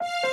you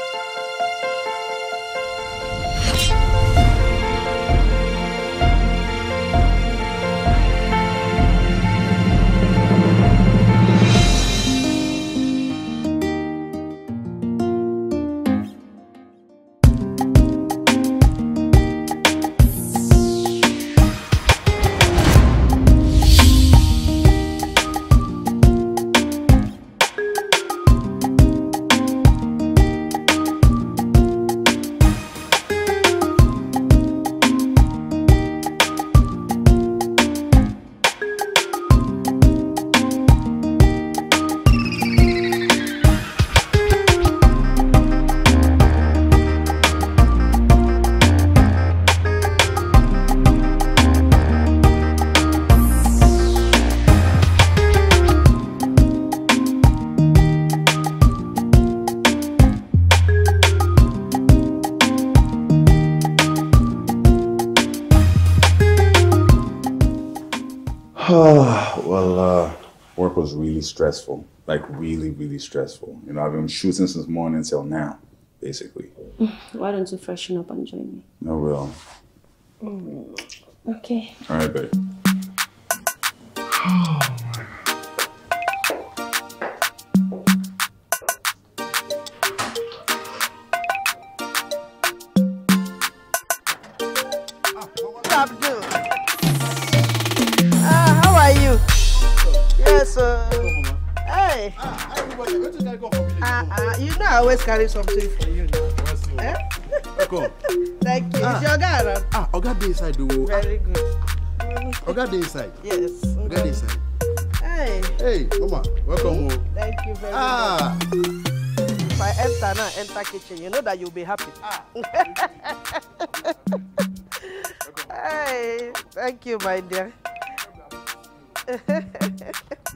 stressful, like really, really stressful. You know, I've been shooting since morning till now, basically. Why don't you freshen up and join me? No, will. Mm, okay. All right, babe. always carry something for you now. Eh? Welcome. Thank you. Ah. Is your guy around? Ah, Oga dey inside o. Oh. Ah. Very good. Oga dey inside. Yes. Oga dey inside. Hey. Hey, mama, welcome o. Oh. Thank you very ah. much. If I enter now, enter kitchen, you know that you'll be happy. Ah. hey, thank you, my dear.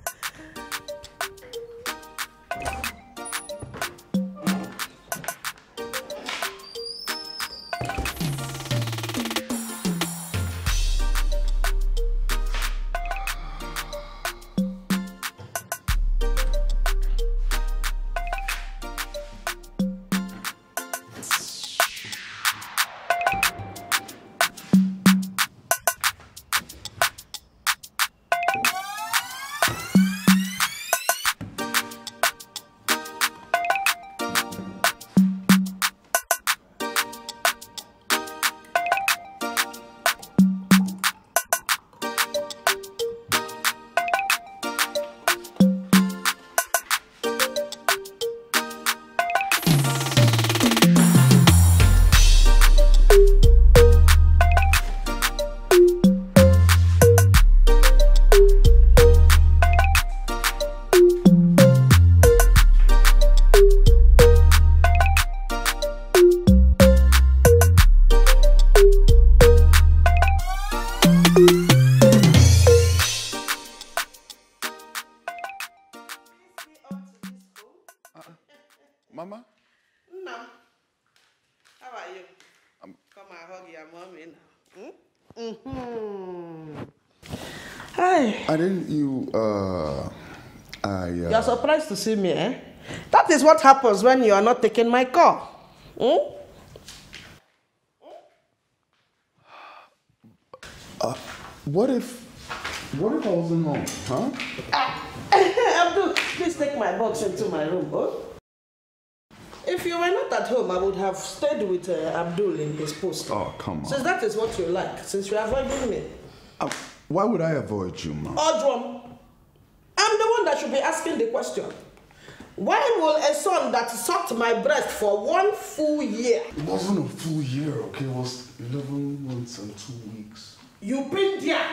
are surprised to see me, eh? That is what happens when you are not taking my call. Hmm? Uh, what if, what if I was in home, huh? Ah, Abdul, please take my box into my room, oh? If you were not at home, I would have stayed with uh, Abdul in his post. Oh, come on. Since that is what you like, since you're avoiding me. Uh, why would I avoid you, Mom? Odrum, I'm the one that should be asking the question. Why will a son that sucked my breast for one full year? It wasn't a full year, okay? It was 11 months and two weeks. You been there.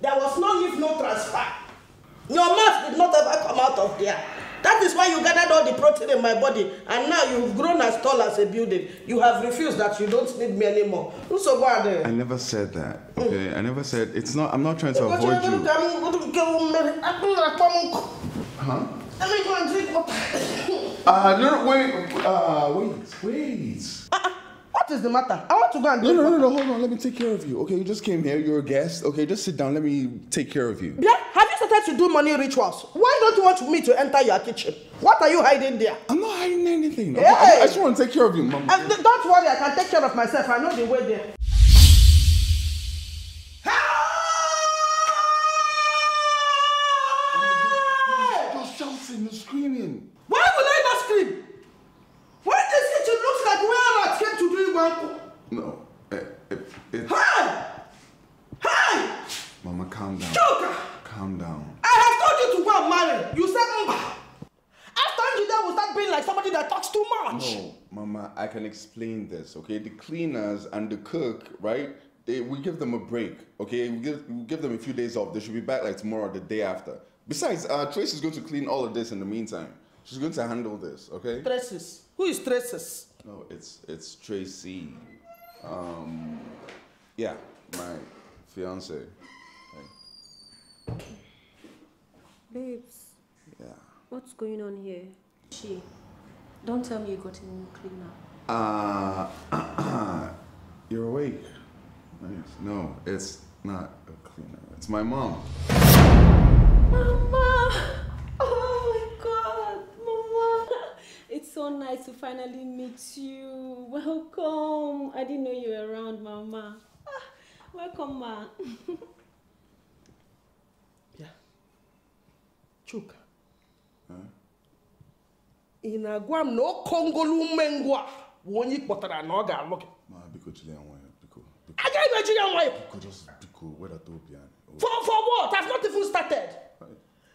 There was no leave, no transfer. Your mouth did not ever come out of there. That is why you gathered all the protein in my body, and now you've grown as tall as a building. You have refused that you don't need me anymore. Who's so bad? I never said that. Hmm. Okay, mm. I never said it's not. I'm not trying to avoid you. Huh? Let me go and drink water. uh, no, wait, uh, wait, wait. Uh, what is the matter? I want to go and drink no, no, No, no, no, hold on. Let me take care of you. Okay, you just came here. You're a guest. Okay, just sit down. Let me take care of you. Yeah. wanted to do money rituals. Why don't you want me to enter your kitchen? What are you hiding there? I'm not hiding anything. Hey. I, I, just want to take care of you, Mama. And don't worry, I can take care of myself. I know the way there. Hey! You're shouting, you're screaming. Why will I not scream? Why does it look like we are not came to do Iwanko. No. It, it, it... Hey! Hey! Mama, calm down. Joker! Calm down. I have told you to go and marry. You said mba. After there will start being like somebody that talks too much. No, Mama, I can explain this, okay? The cleaners and the cook, right? They, we give them a break, okay? We give, we give them a few days off. They should be back like tomorrow or the day after. Besides, uh, Trace is going to clean all of this in the meantime. She's going to handle this, okay? Traces. Who is Traces? No, it's it's Tracy. Um, yeah, my fiance. Babes. Yeah. What's going on here? She. Don't tell me you got a new cleaner. Uh, you're awake. No, it's not a cleaner. It's my mom. Mama! Oh my god, Mama! It's so nice to finally meet you. Welcome. I didn't know you were around, Mama. Ah, welcome, Ma. Chuka. ị na-agwa m na okongolu umengwụ bụ onye ị kpọtara na ọ ga-alụ gị agaghị m eji ya nwayọ for for what I've not even started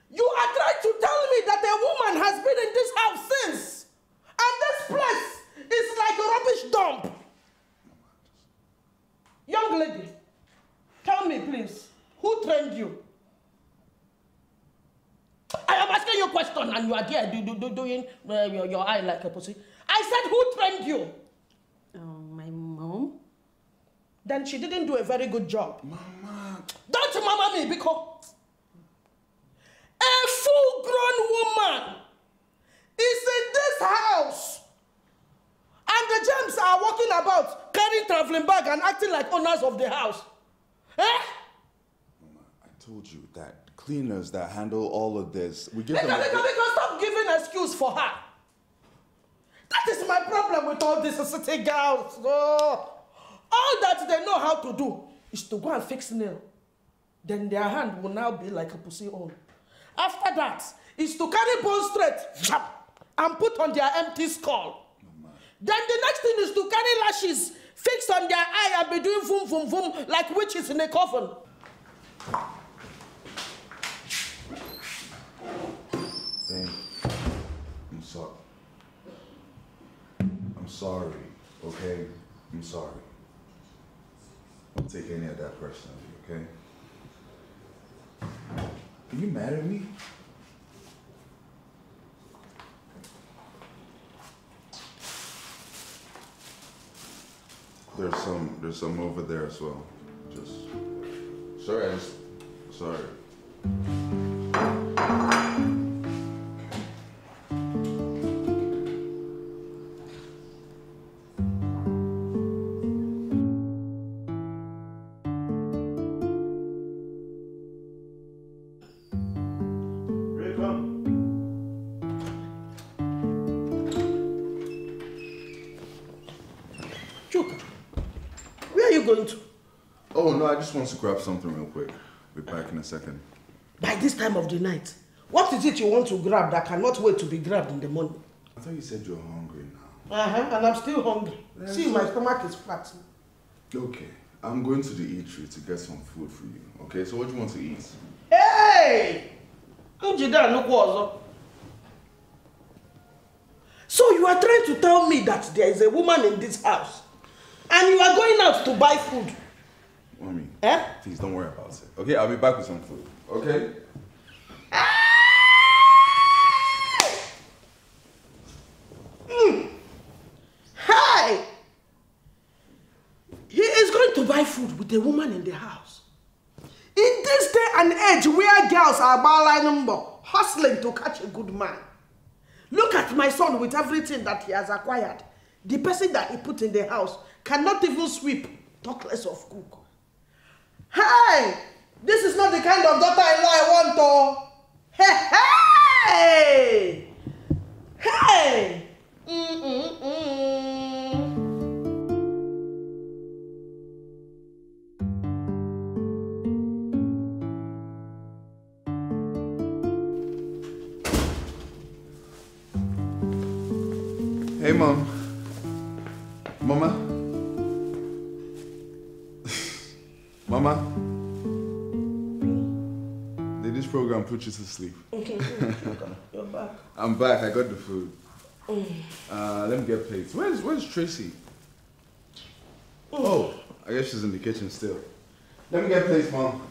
you are trying to tell me that a woman has been in this house since and this place is like a rubbish dump young lady tell me please who trained you I am asking you a question and you are there do, do, do, doing uh, your, your eye like a pussy. I said, who trained you? Oh, my mom. Then she didn't do a very good job. Mama. Don't mama me because a full-grown woman is in this house and the gems are walking about carrying traveling bag and acting like owners of the house. Eh? Mama, I told you that cleaners that handle all of this. We give they them. Can, stop giving excuse for her. That is my problem with all these city girls. Oh. All that they know how to do is to go and fix nail. Then their hand will now be like a pussy hole. After that, is to carry bone straight and put on their empty skull. then the next thing is to carry lashes fixed on their eye and be doing vroom vroom vroom like witches in a coffin. sorry, okay? I'm sorry. Don't take any of that personally, okay? Are you mad at me? There's some, there's some over there as well. Just, sorry, I just, sorry. I just want to grab something real quick. Be back in a second. By this time of the night, what is it you want to grab that cannot wait to be grabbed in the morning? I thought you said you're hungry now. Uh-huh, and I'm still hungry. There's See, my stomach is flat. Okay, I'm going to the eatery to get some food for you. Okay, so what do you want to eat? Hey! So you are trying to tell me that there is a woman in this house and you are going out to buy food. Eh? Please don't worry about it. Okay, I'll be back with some food. Okay? Hey! Ah! Hmm. He is going to buy food with a woman in the house. In this day and age where girls are number, hustling to catch a good man. Look at my son with everything that he has acquired. The person that he put in the house cannot even sweep, talk less of cook. Hey, this is not the kind of daughter-in-law I want, to. Hey, hey, hey. Hey, Mom. Mama. Mama, did this program put you to sleep? You're back. I'm back. I got the food. Oh. Uh, let me get plates. Where's Where's Tracy? Oh. oh, I guess she's in the kitchen still. Let me get plates, Mom.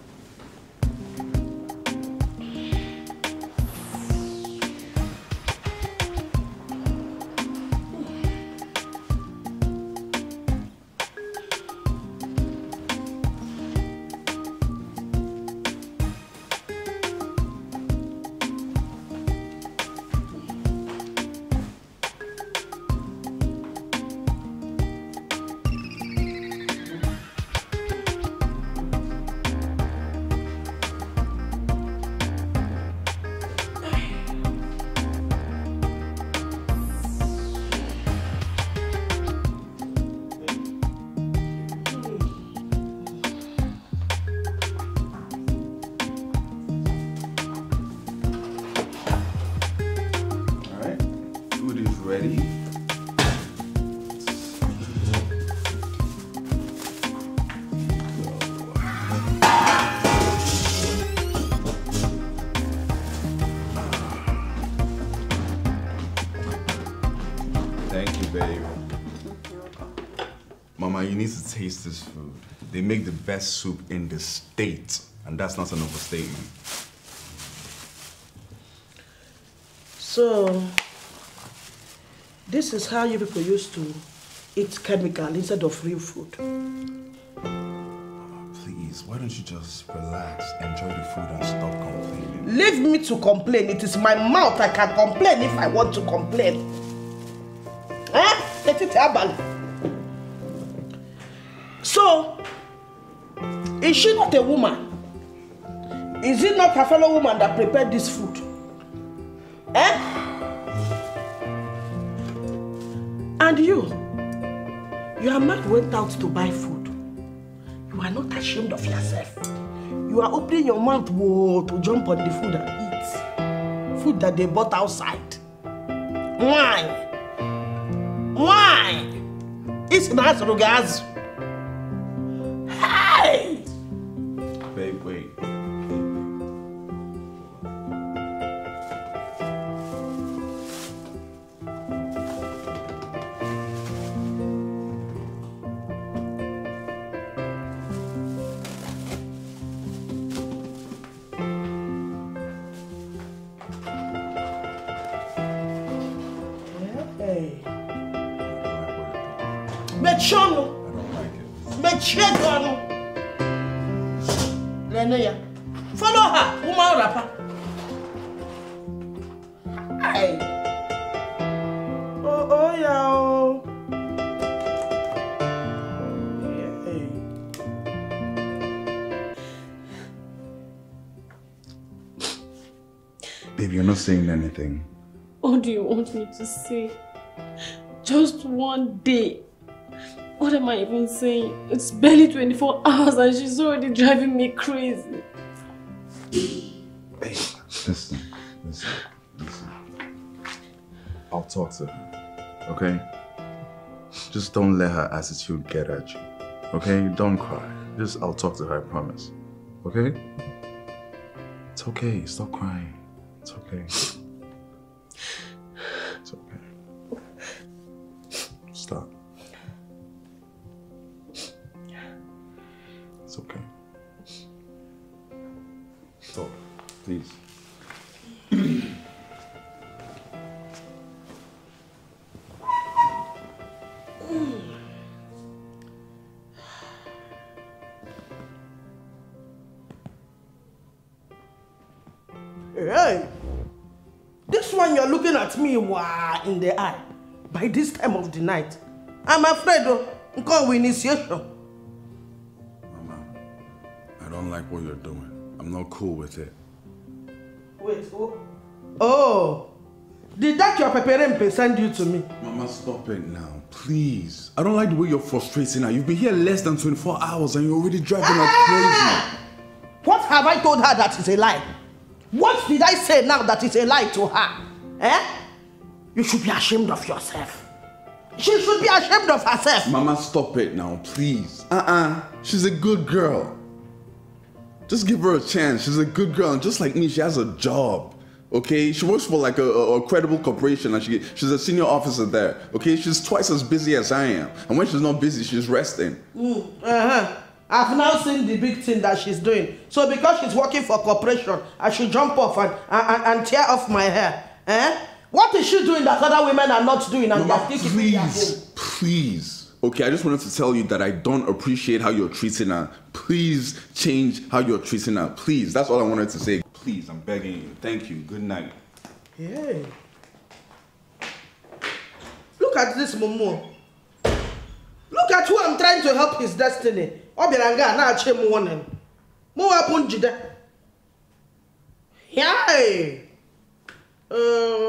the best soup in the state. And that's not an overstatement. So, this is how you people used to eat chemical instead of real food. Please, why don't you just relax, enjoy the food and stop complaining? Leave me to complain. It is my mouth. I can complain if I want to complain. Huh? Eh? Let it happen. So, Is she not a woman? Is it not her fellow woman that prepared this food? Eh? And you, your man went out to buy food. You are not ashamed of yourself. You are opening your mouth whoa, to jump on the food and eat. Food that they bought outside. Why? Why? It's not nice, Rugazu. anything. What do you want me to say? Just one day. What am I even saying? It's barely 24 hours and she's already driving me crazy. Hey, listen, listen, listen. I'll talk to her, okay? Just don't let her attitude get at you, okay? Don't cry. Just, I'll talk to her, I promise, okay? It's okay, stop crying. It's okay. please. hey, this one you're looking at me wah, in the eye by this time of the night. I'm afraid of oh, initiation. Mama, I don't like what you're doing. I'm not cool with it. Wait, oh. Oh. Did that your preparing send you to me? Mama, stop it now. Please. I don't like the way you're frustrating Now You've been here less than 24 hours and you're already driving her ah! crazy. What have I told her that is a lie? What did I say now that is a lie to her? Eh? You should be ashamed of yourself. She should be ashamed of herself. Mama, stop it now, please. Uh-uh. She's a good girl. Just give her a chance. She's a good girl, and just like me, she has a job. Okay, she works for like a, a, a credible corporation, and she she's a senior officer there. Okay, she's twice as busy as I am, and when she's not busy, she's resting. Mm, uh huh. I've now seen the big thing that she's doing. So because she's working for a corporation, I should jump off and, and, and tear off my hair. Eh? What is she doing that other women are not doing and Mama, Please, please okay, I just wanted to tell you that I don't appreciate how you're treating her. Please change how you're treating her. Please. That's all I wanted to say. Please, I'm begging you. Thank you. Good night. Yeah. Look at this Momo. Look at who I'm trying to help his destiny. Obianga na ache mu wonen. Mo apun jide. Yay. Uh...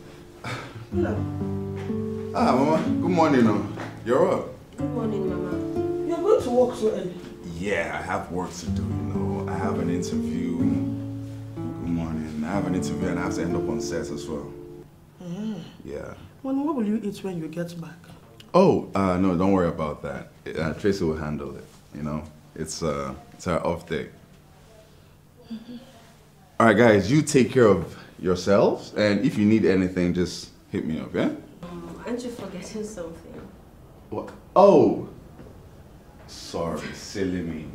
Hello. Ah, Mama. Good morning, Mama. You're up. Good morning, Mama. You're going to work so early. Yeah, I have work to do, you know. I have an interview. Good morning. I have an interview and I have to end up on set as well. Mm-hmm. Yeah. Well, what will you eat when you get back? Oh, uh, no, don't worry about that. Uh, Tracy will handle it, you know? It's, uh, it's our off day. Mm-hmm. All right, guys, you take care of yourselves. And if you need anything, just hit me up, yeah? Um, aren't you forgetting something? What? Oh! Sorry, silly me.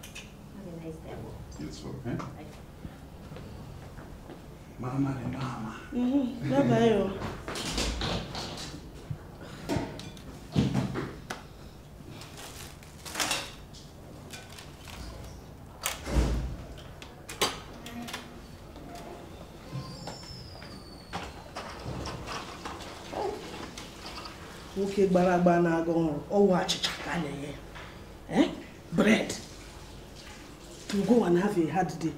Have a nice day. It's okay. Mama de mama. Mm-hmm. Bye-bye. Oh. gbara na eh, bread to go and have a hard day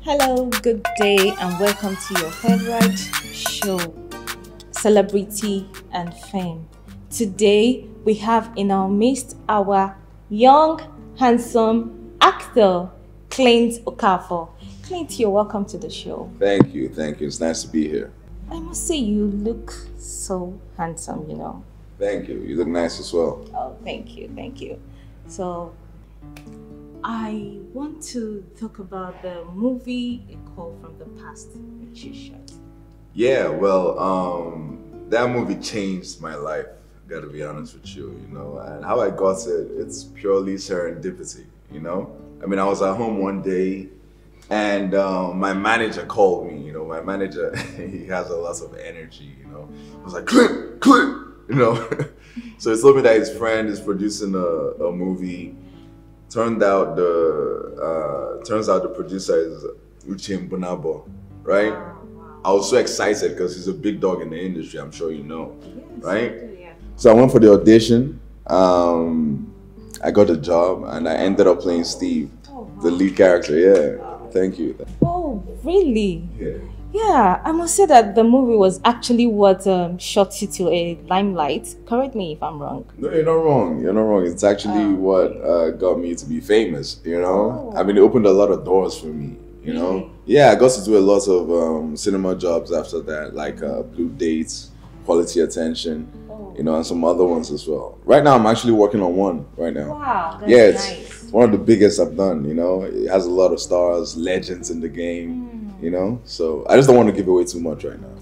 Hello, good day, and welcome to your favorite show, Celebrity and Fame. Today, we have in our midst our young, handsome, actor Clint Okafor. Clint, you're welcome to the show. Thank you, thank you. It's nice to be here. I must say, you look so handsome, you know. Thank you. You look nice as well. Oh, thank you, thank you. So, I want to talk about the movie A Call from the Past, which you shot. Yeah, well, um, that movie changed my life. Gotta be honest with you, you know. And how I got it, it's purely serendipity you know? I mean, I was at home one day and um, my manager called me, you know, my manager, he has a lot of energy, you know? I was like, Clip, Clip, you know? so he told me that his friend is producing a, a movie. Turned out the, uh, turns out the producer is Uchim Bonabo, right? I was so excited because he's a big dog in the industry, I'm sure you know, yes, right? So I went for the audition. Um, I got a job and I ended up playing Steve, oh, wow. the lead character. Yeah, thank you. Oh, really? Yeah. Yeah, I must say that the movie was actually what um, shot you to a limelight. Correct me if I'm wrong. No, you're not wrong. You're not wrong. It's actually um, what uh, got me to be famous, you know? Oh. I mean, it opened a lot of doors for me, you know? Yeah, I got to do a lot of um, cinema jobs after that, like uh, Blue Dates, Quality Attention you know, and some other ones as well. Right now, I'm actually working on one right now. Wow, that's yeah, it's nice. one of the biggest I've done. You know, it has a lot of stars, legends in the game. Mm. You know, so I just don't want to give away too much right now.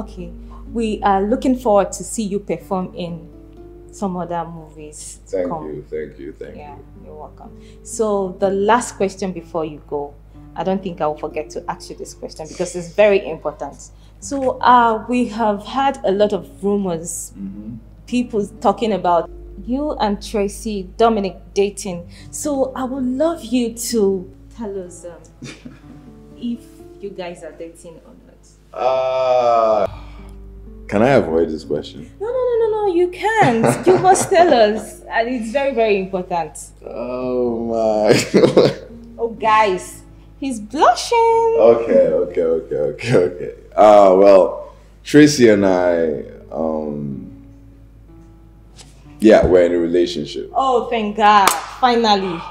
Okay, we are looking forward to see you perform in some other movies. Thank come. you, thank you, thank yeah, you. You're welcome. So the last question before you go, I don't think I will forget to ask you this question because it's very important. So uh, we have had a lot of rumors, mm -hmm. people talking about you and Tracy Dominic dating. So I would love you to tell us um, if you guys are dating or not. Uh, can I avoid this question? No, no, no, no, no. You can't. you must tell us, and it's very, very important. Oh my! oh, guys, he's blushing. Okay, okay, okay, okay, okay uh, well, Tracy and I, um, yeah, we're in a relationship. Oh, thank God. Finally,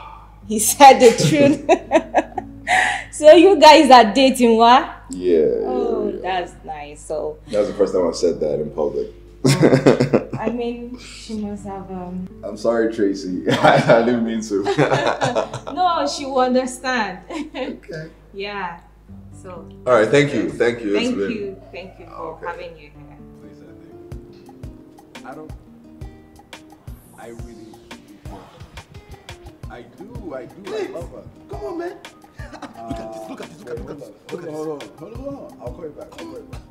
he said the truth. so, you guys are dating, what? Yeah. Oh, yeah, yeah. that's nice. So, that's the first time I've said that in public. I mean, she must have. Um... I'm sorry, Tracy. I, I didn't mean to. no, she will understand. okay. Yeah. So. All right. Thank yes. you. Thank you. Thank been... you. Thank you for okay. having you here. Please, I think I don't. I really. I do. I do. Please. I love her. Come on, man. Uh, look at this. Look at this. Look at this. Look at this. Hold on. Hold on. Hold on. I'll call you back. I'll call you back.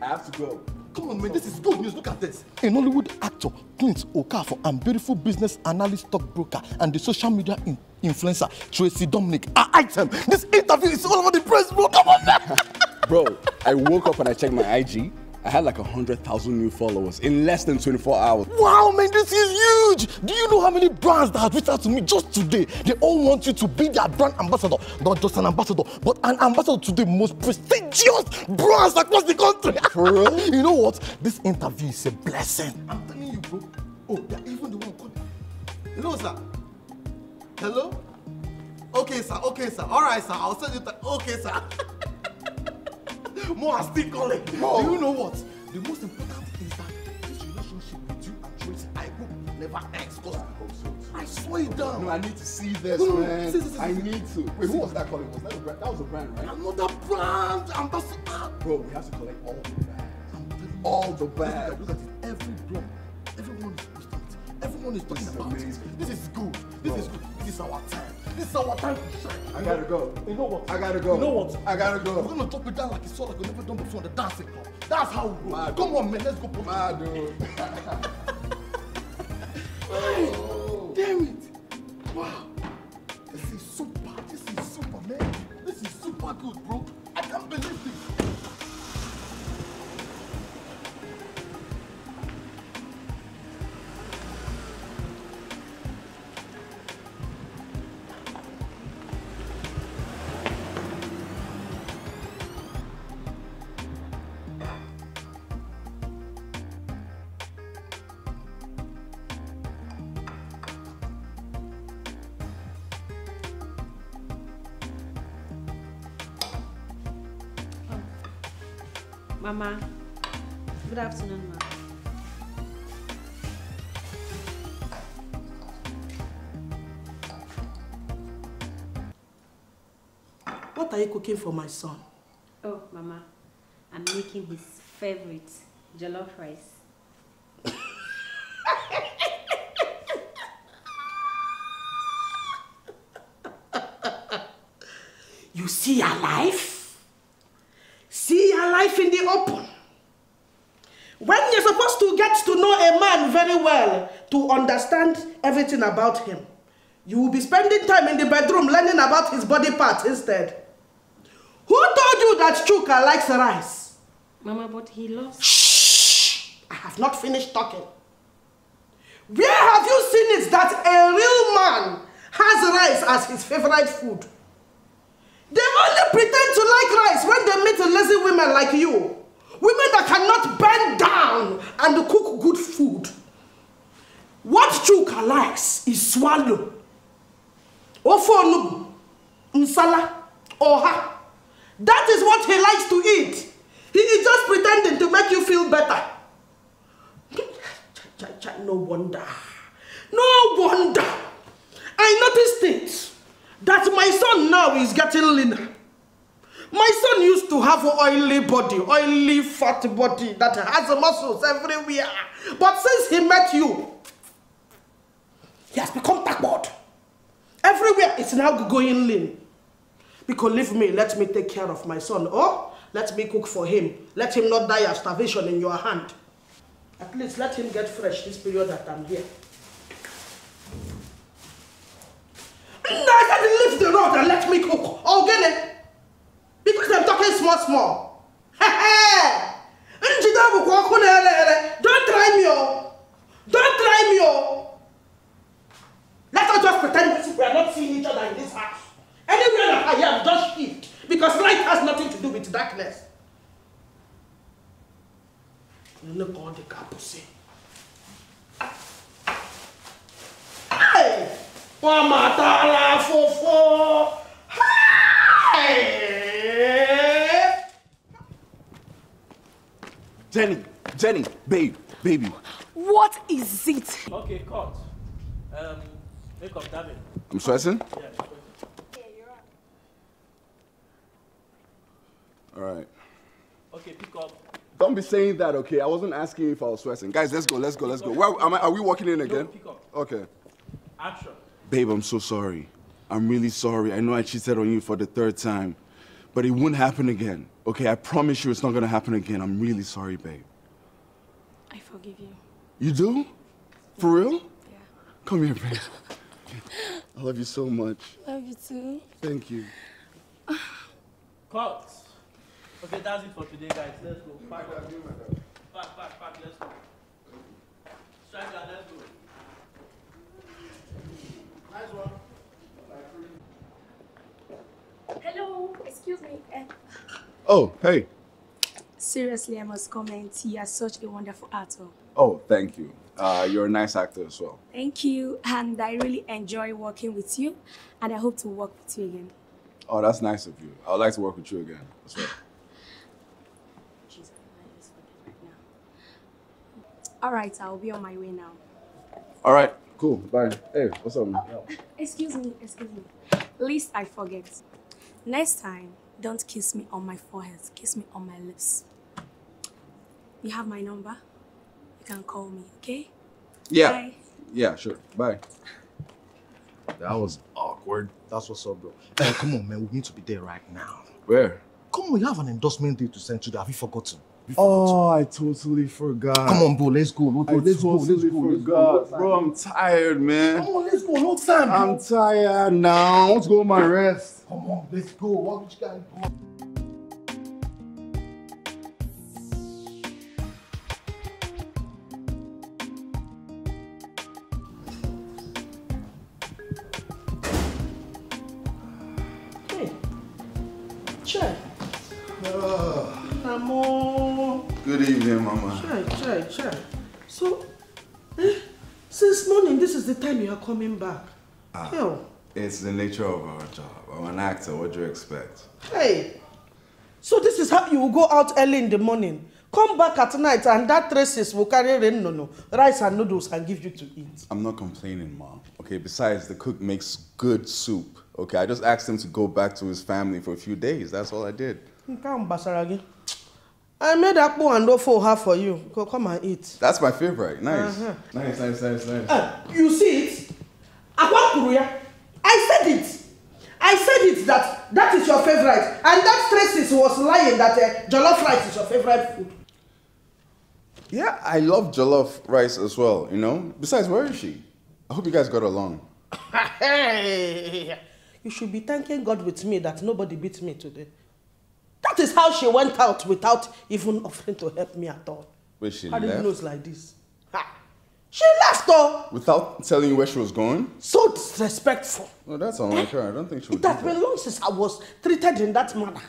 I have to go. Come on, man, this is good news. Look at this. A Nollywood actor, Clint Okafor, and beautiful business analyst, stockbroker, and the social media in influencer, Tracy Dominic, are item. This interview is all over the press, bro. Come on, man. bro, I woke up and I checked my IG. I had like 100,000 new followers in less than 24 hours. Wow, man, this is huge! Do you know how many brands that have reached out to me just today? They all want you to be their brand ambassador. Not just an ambassador, but an ambassador to the most prestigious brands across the country. you know what? This interview is a blessing. I'm telling you, bro. Oh, they're even the one called. Hello, sir. Hello? Okay, sir. Okay, sir. All right, sir. I'll send you. Okay, sir. More are still calling. Do you know what? The most important thing is that this relationship with you and Tracy, I hope never ends. Cause I hope saw it down. No, I need to see this, no, man. See, see, see, I need to. Wait, who was that calling? Was that, a brand? that was a brand, right? Another brand. I'm just. Bro, we have to collect all the bags. All the bags. Look at it. Every Everyone is talking about it. This is good. This is good. This is our time. This is our time to shine. I gotta go. You know what? I gotta go. You know what? I gotta go. We're gonna drop it down like it's all like we never done before on the dancing club. That's how we roll. Come on, man. Let's go. Mad, dude. oh. Damn it. Wow. This is super. This is super, man. This is super good, bro. I can't believe Ma. Good afternoon, Ma. What are you cooking for my son? Oh, Mama, I'm making his favorite jollof rice. you see your life? See your life in the open. When you're supposed to get to know a man very well, to understand everything about him, you will be spending time in the bedroom learning about his body parts instead. Who told you that Chuka likes rice? Mama, but he loves... Shh! I have not finished talking. Where have you seen it that a real man has rice as his favorite food? They only pretend to like rice when they meet lazy women like you. Women that cannot bend down and cook good food. What Chuka likes is swallow. Ofonugu, nsala, oha. That is what he likes to eat. He is just pretending to make you feel better. No wonder. No wonder. I noticed it that my son now is getting leaner. My son used to have an oily body, oily fat body that has muscles everywhere. But since he met you, he has become backward. Everywhere is now going lean. Because leave me, let me take care of my son. Oh, let me cook for him. Let him not die of starvation in your hand. At least let him get fresh this period that I'm here. Now I said leave the road and let me cook. Ogene. Oh, Because I'm talking small small. Njide Don't try me oh! Don't try me oh! Let's us just pretend we are not seeing each other in this house. Anywhere that I am, just shift. Because light has nothing to do with darkness. Look, ka ọ dị ka Hey! wọ́n máa Jenny, Jenny, babe, baby. What is it? Okay, cut. Um, make up, David. I'm stressing? Yeah, yeah you're right. All right. Okay, pick up. Don't be saying that, okay? I wasn't asking if I was stressing. Guys, let's go, let's go, let's go. Where, am I, are we walking in again? No, pick up. Okay. Action. Babe, I'm so sorry. I'm really sorry. I know I cheated on you for the third time, but it won't happen again. Okay, I promise you it's not gonna happen again. I'm really sorry, babe. I forgive you. You do? Yeah. For real? Yeah. Come here, babe. I love you so much. Love you too. Thank you. Cut. Okay, that's it for today, guys. Let's go. Pack, pack, pack, pack. Let's go. Striker, let's go. Hello, excuse me. Eh. Oh, hey. Seriously, I must comment. You are such a wonderful actor. Oh, thank you. Uh, you're a nice actor as well. Thank you, and I really enjoy working with you, and I hope to work with you again. Oh, that's nice of you. I would like to work with you again as well. All right, I'll be on my way now. All right. Cool. Bye. Hey, what's up? Man? Excuse me. Excuse me. Least I forget. Next time, don't kiss me on my forehead. Kiss me on my lips. You have my number. You can call me. Okay. Yeah. Bye. Yeah. Sure. Bye. That was awkward. That's what's up, bro. Hey, come on, man. We need to be there right now. Where? Come on, you have an endorsement deal to send to. Have you forgotten? Oh, I totally forgot. Come on, bro. Let's go. Let's go. Let's go. Let's go. Let's go. Bro, I'm tired, man. Come on, let's go. No time. Bro. I'm tired now. Let's go, my rest. Come on, let's go. What you got? Chai, chai. So, eh, since morning, this is the time you are coming back. Ah, Hell. It's the nature of our job. I'm an actor. What do you expect? Hey. So this is how you will go out early in the morning, come back at night, and that traces will carry rain, no, no, rice and noodles and give you to eat. I'm not complaining, Mom. Okay, besides, the cook makes good soup. Okay, I just asked him to go back to his family for a few days. That's all I did. Come, Basaragi. I made akpo and ofo half for you. Go come and eat. That's my favorite. Nice. Uh-huh. Nice, nice, nice, nice. Uh, you see it? Akwakuruya. I said it. I said it that that is your favorite. And that stresses was lying that uh, jollof rice is your favorite food. Yeah, I love jollof rice as well, you know? Besides, where is she? I hope you guys got along. hey, you should be thanking God with me that nobody beat me today. That is how she went out without even offering to help me at all. Wait, she Harry left? knows like this. Ha! She left her. Without telling you where she was going? So disrespectful. No, that's unlike eh? her. I don't think she would It has been long since I was treated in that manner.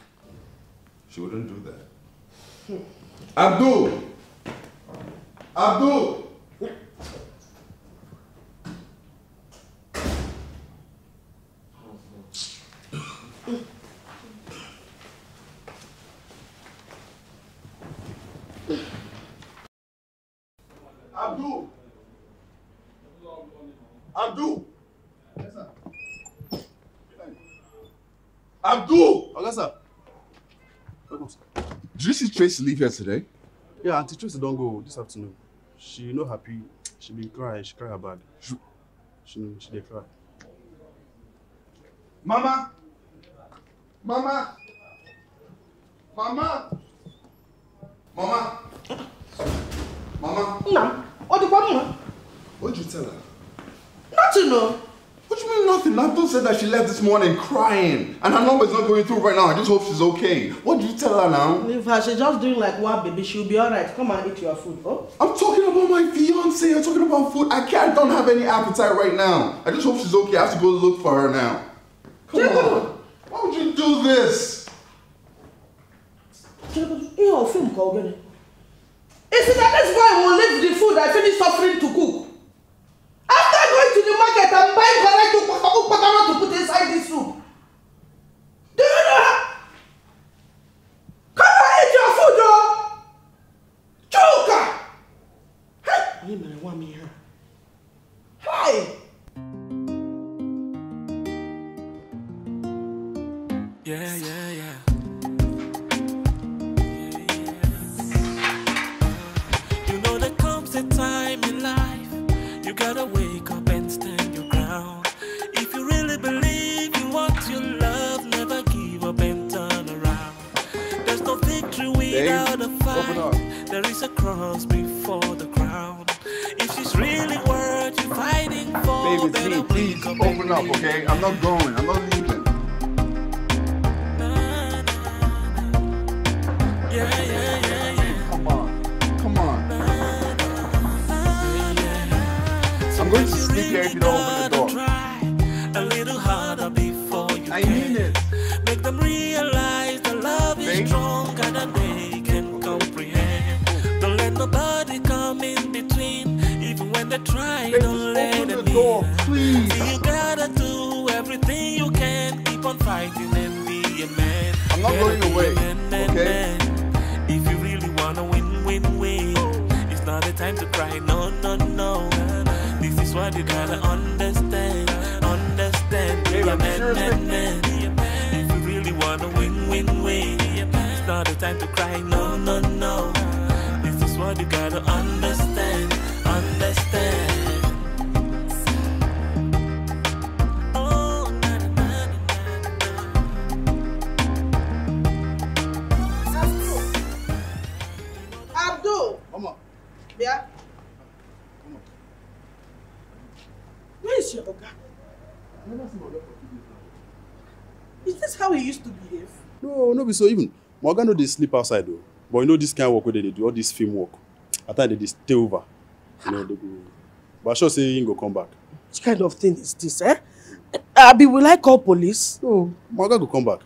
She wouldn't do that. Abdul! Abdul! Abdul. Abdul. Yes, sir. Abdul. Okay, sir. Did you see Tracy leave here today? Yeah, Auntie Tracy don't go this afternoon. She not happy. She been cry. She cry bad. She she, she dey cry. Mama, mama, mama, mama, mama. No. What do you want? What did you tell her? Nothing, no. What do you mean nothing? Nato said that she left this morning crying and her number is not going through right now. I just hope she's okay. What did you tell her now? Leave her, she's just doing like what, baby, she'll be alright. Come and eat your food, oh? I'm talking about my fiance. I'm talking about food. I can't, I don't have any appetite right now. I just hope she's okay. I have to go look for her now. Come Jacob. on. Why would you do this? Jacob, you a film call, He said that this boy will leave the food I finish suffering to cook. After going to the market and buying correct ukpatara to put inside this soup, Abia? Where is your Oga? Is this how he used to behave? No, no be so even. My Oga no sleep outside o. But you know this kind of work where they do, all this film work. I times they just stay over. You know, they go. But I sure say he go come back. Which kind of thing is this, eh? Abi, will I call police? No, my go come back.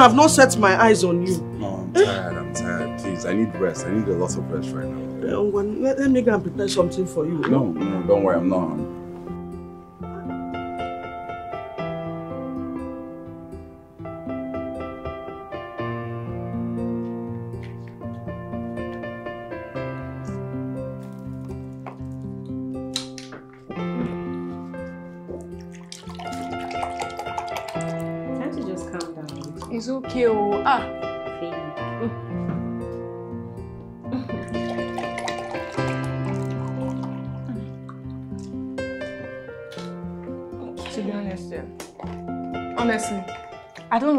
I have not set my eyes on you. No, I'm tired, I'm tired. Please, I need rest. I need a lot of rest right now. let, let me go and prepare something for you. No, no, don't worry, I'm not hungry.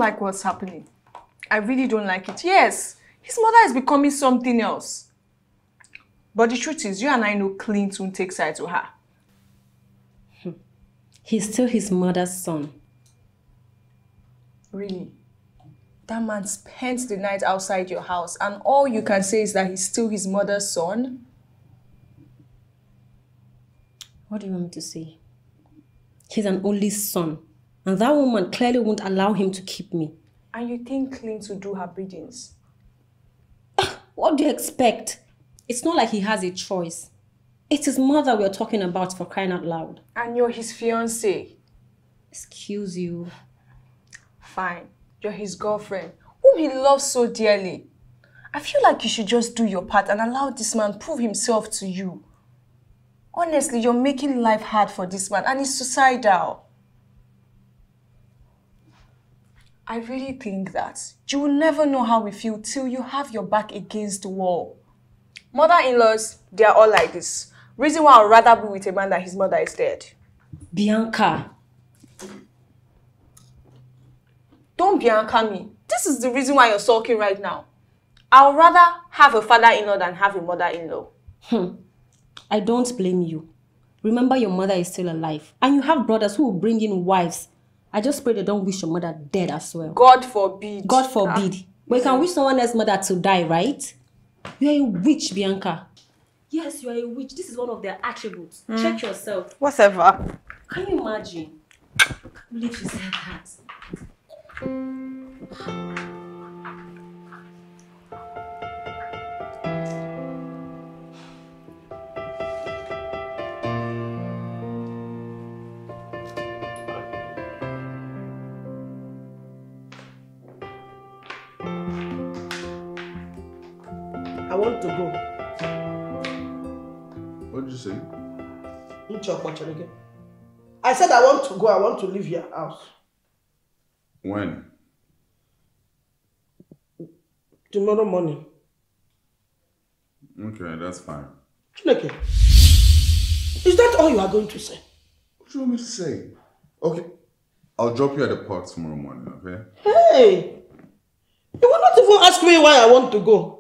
like what's happening. I really don't like it. Yes, his mother is becoming something else. But the truth is, you and I know Clint takes not side to her. Hmm. He's still his mother's son. Really? That man spent the night outside your house and all you can say is that he's still his mother's son? What do you want me to say? He's an only son. And that woman clearly won't allow him to keep me. And you think Clint will do her biddings? what do you expect? It's not like he has a choice. It's his mother we're talking about for crying out loud. And you're his fiancée. Excuse you. Fine. You're his girlfriend, whom he loves so dearly. I feel like you should just do your part and allow this man prove himself to you. Honestly, you're making life hard for this man and he's suicidal. I really think that you will never know how we feel till you have your back against the wall. Mother-in-laws, they are all like this. Reason why I'd rather be with a man that his mother is dead. Bianca. Don't Bianca me. This is the reason why you're sulking right now. I'd rather have a father-in-law than have a mother-in-law. Hmm. I don't blame you. Remember your mother is still alive and you have brothers who will bring in wives I just pray they don't wish your mother dead as well. God forbid. God forbid. Ah. But you can wish someone else's mother to die, right? You're a witch, Bianca. Yes, you are a witch. This is one of their attributes. Mm. Check yourself. Whatever. Can you imagine? I can't believe she said that. I want to go. What did you say? I said I want to go. I want to leave your house. When? Tomorrow morning. Okay, that's fine. Chineke, is that all you are going to say? What do you want me to say? Okay, I'll drop you at the park tomorrow morning, okay? Hey! You will not even ask me why I want to go.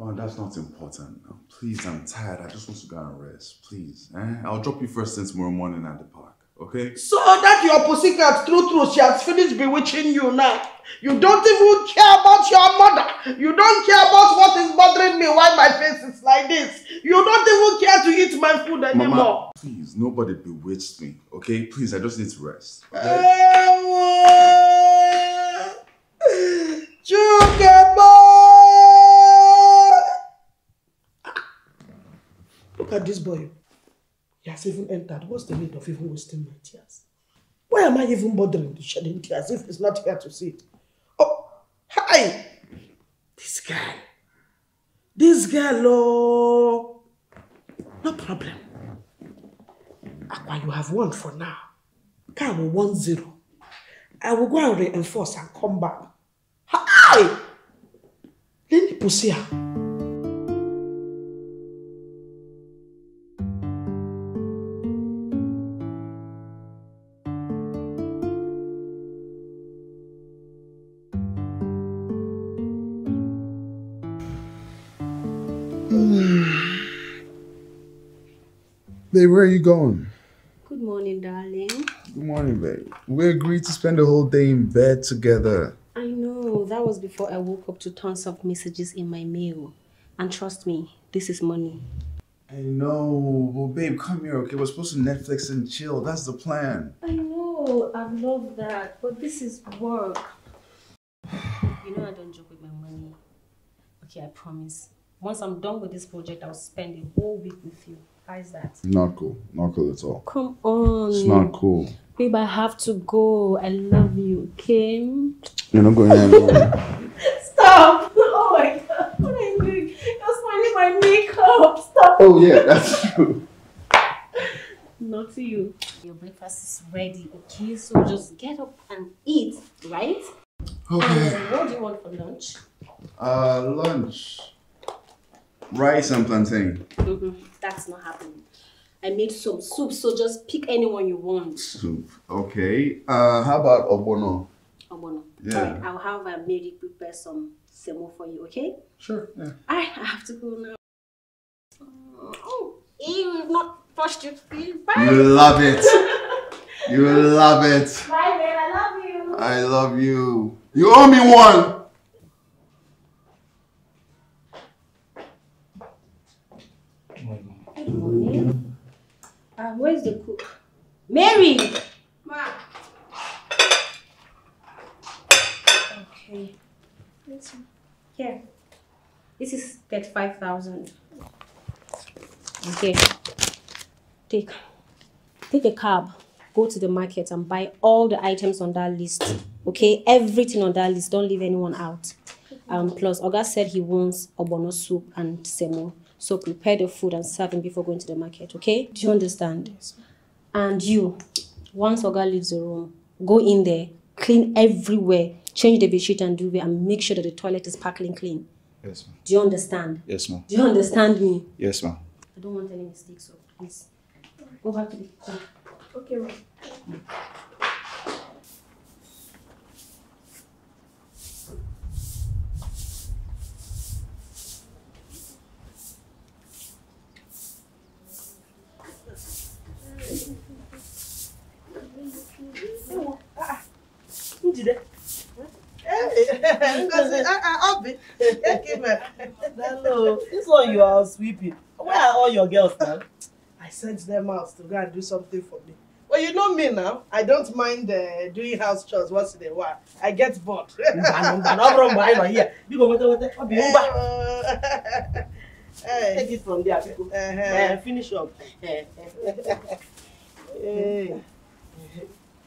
Well, that's not important. please, I'm tired. I just want to go and rest. Please. Eh? I'll drop you first thing tomorrow morning at the park. Okay? So that your pussycat, through through, she has finished bewitching you now. You don't even care about your mother. You don't care about what is bothering me, why my face is like this. You don't even care to eat my food anymore. Mama, please, nobody bewitched me, okay? Please, I just need to rest. Okay? Chuka! Look at this boy. He has even entered. What's the need of even wasting my tears? Why am I even bothering to shed tears if he's not here to see it? Oh, hi! This guy. This girl, oh. No problem. Aqua, you have won for now. Come, we one zero? I will go and reinforce and come back. Hi! me pussy her. birthday. Where are you going? Good morning, darling. Good morning, babe. We agreed to spend the whole day in bed together. I know. That was before I woke up to tons of messages in my mail. And trust me, this is money. I know. Well, babe, come here, okay? We're supposed to Netflix and chill. That's the plan. I know. I love that. But this is work. you know I don't joke with my money. Okay, I promise. Once I'm done with this project, I'll spend a whole week with you is that? Not cool. Not cool at all. Come on. It's not cool. Babe, I have to go. I love you. Kim. You're not going anywhere. Stop. Oh my god. What are you doing? You're spoiling my makeup. Stop. Oh yeah, that's true. not to you. Your breakfast is ready, okay? So just get up and eat, right? Okay. And what do you want for lunch? Uh, lunch. Rice and plantain. Mm-hmm. That's not happening. I made some soup, so just pick anyone you want. Soup. Okay. Uh, how about obono? Obono. Yeah. I'll have uh, Mary prepare some semo for you, okay? Sure. Yeah. I have to go now. Oh, you've not first you feel Bye. You love it. you love it. Bye, babe. I love you. I love you. You owe me one. morning. Uh, ah, where's the cook? Mary! Ma! Okay. Here. This is 35,000. Okay. Take. Take a cab. Go to the market and buy all the items on that list. Okay? Everything on that list. Don't leave anyone out. Um, plus, Oga said he wants obono soup and semo. So prepare the food and serve him before going to the market, okay? Do you understand? Yes. And you, once Oga leaves the room, go in there, clean everywhere, change the bedsheet and duvet, and make sure that the toilet is sparkling clean. Yes, ma'am. Do you understand? Yes, ma'am. Do you understand me? Yes, ma'am. I don't want any mistakes, so please. Go back to the... Room. Okay, ma'am. jide Ngozi, Obi, Ekime. Hello, this one you are sweeping. Where are all your girls now? I sent them out to go and do something for me. Well, you know me now. I don't mind uh, doing house chores once in a while. I get bored. hey. Take it from there. Uh-huh. Uh, finish up. hey.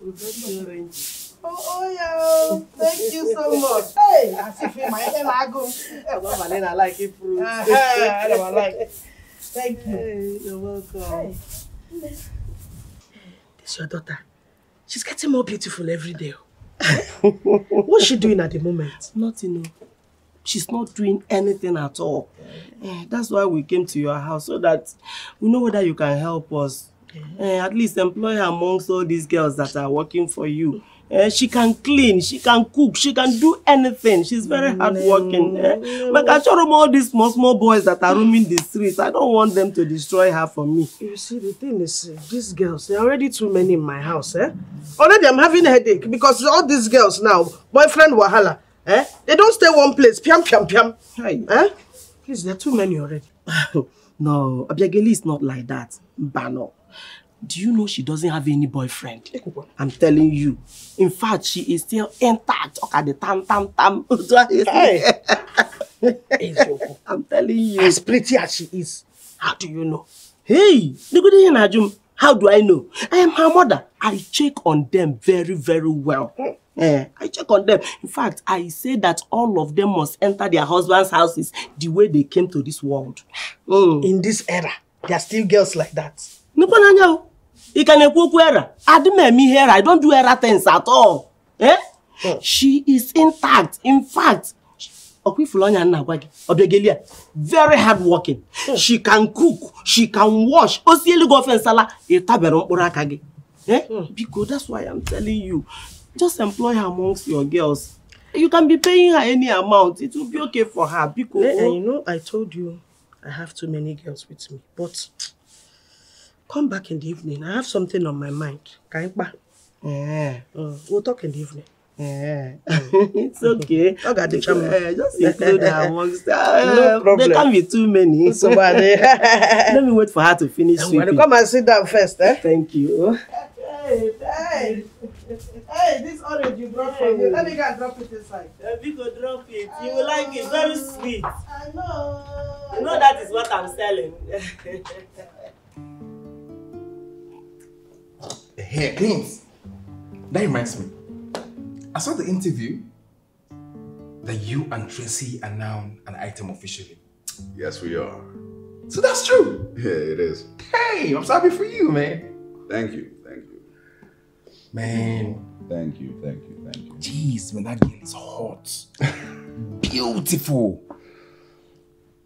We've got the oranges. Oh, oh yá o thank you so much. Hey, àti fi màá ẹ máa gùn. ẹ wọ́n màá lẹ́nu aláìkí fúru. ẹ lè wà like. Uh-huh. thank you. Hey, you're welcome. Hey. This your daughter. She's getting more beautiful every day. Oh. What's she doing at the moment? Nothing. No. She's not doing anything at all. Yeah. Uh, that's why we came to your house so that we know whether you can help us. Yeah. Uh, at least employ amongst all these girls that are working for you. Uh, she can clean, she can cook, she can do anything. She's very hardworking. Mm. Eh? Make I show all these small, small boys that are roaming the streets. I don't want them to destroy her for me. You see, the thing is, uh, these girls, there are already too many in my house. Eh? Already I'm having a headache because all these girls now, boyfriend wahala, eh? they don't stay one place. Piam, piam, piam. Hey, Eh? Please, there are too many already. no, Abiageli is not like that. Banner. Do you know she doesn't have any boyfriend? I'm telling you. In fact, she is still intact. Okay, the tam tam tam. I'm telling you. As pretty as she is, how do you know? Hey, how do I know? I am her mother. I check on them very, very well. Hmm. Eh, I check on them. In fact, I say that all of them must enter their husbands' houses the way they came to this world. Mm. In hmm. this era, there are still girls like that. He can ekwoku era. Adimemi here, I don't do era things at all. Eh? Hmm. She is intact. In fact, Okwifulonya Nagwagi, Obegelia, very hardworking. Mm. She can cook, she can wash. Osielu go fensala, itabere mkpụrụ aka Eh? Mm. Because that's why I'm telling you, just employ her amongst your girls. You can be paying her any amount. It will be okay for her. Because... Eh, eh, And you know, I told you I have too many girls with me. But Come back in the evening. I have something on my mind. Can you Kaimpa. Yeah. Uh, mm. we'll talk in the evening. Yeah. Mm. it's okay. Talk at the camera. Uh, just include her amongst uh, No ah, problem. There can't be too many. Somebody. Eh? Let me wait for her to finish sweeping. Come and sit down first. Eh? Thank you. Hey, hey. Hey, this orange you brought hey. for me. Let me go drop it inside. Let me go drop it. You will like it. Very sweet. I know. You know that is what I'm selling. hair cleans. That reminds me. I saw the interview that you and Tracy are now an item officially. Yes, we are. So that's true. Yeah, it is. Hey, I'm happy for you, man. Thank you. Thank you. Man. Thank you. Thank you. Thank you. Jeez, man, that girl is hot. Beautiful.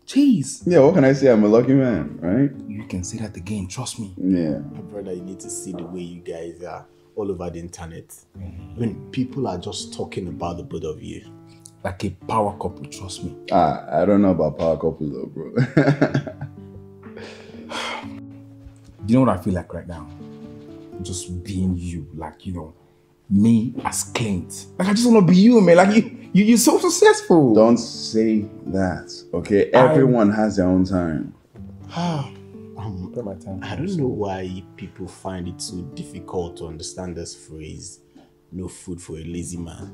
Jeez. Yeah, what can I say? I'm a lucky man, right? You can say that again, trust me. Yeah. My brother, you need to see the way you guys are all over the internet. Mm -hmm. people are just talking about the both of you. Like a power couple, trust me. Ah, I don't know about power couple though, bro. you know what I feel like right now? Just being you, like, you know, me as Clint. Like I just want to be you, man. Like you, you you're so successful. Don't say that. Okay, everyone I, has their own time. Ah, my time. I don't know why people find it so difficult to understand this phrase, "No food for a lazy man."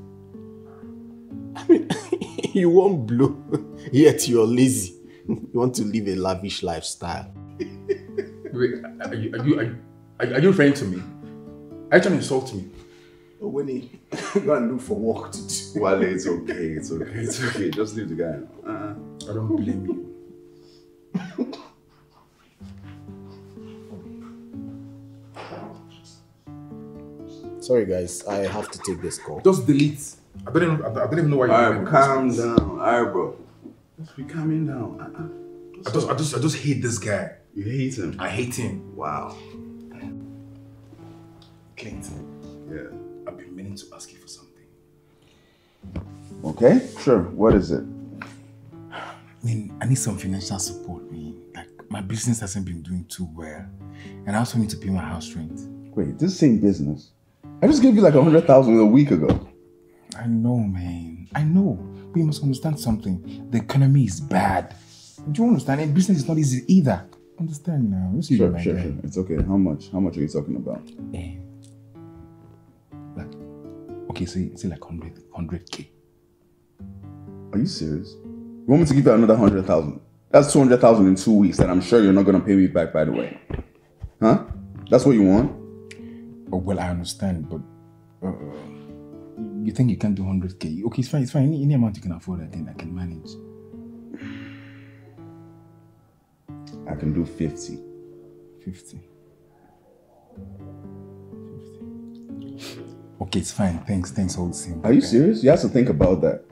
I mean, you won't blow, yet you're lazy. You want to live a lavish lifestyle. Wait, are you are you are you, are you referring to me? Are you trying to insult me? when he go and look for work to do. Well, it's okay, it's okay, it's okay. Just leave the guy. Uh, I don't blame you. Sorry, guys, I have to take this call. Just delete. I don't, I don't even know why you're Alright, calm down. Alright, bro. Just be calming down. Uh -uh. I, just, I, just, I just hate this guy. You hate him? I hate him. Wow. Clinton. Yeah. I've been meaning to ask you for something. Okay, sure. What is it? I mean, I need some financial support. I mean, like my business hasn't been doing too well, and I also need to pay my house rent. Wait, this same business? I just gave you like a hundred thousand a week ago. I know, man. I know. But you must understand something. The economy is bad. Do you understand? And business is not easy either. Understand now? Sure, sure, sure. It's okay. How much? How much are you talking about? Yeah. Okay, say, say like 100, 100K. Are you serious? You want me to give you another 100,000? That's 200,000 in two weeks, and I'm sure you're not going to pay me back, by the way. Huh? That's what you want? Oh, well, I understand, but uh, you think you can do 100K? Okay, it's fine, it's fine. Any, any amount you can afford, I think I can manage. I can do 50. 50. Okay, it's fine. Thanks, thanks, old sim. Are you serious? You have to think about that.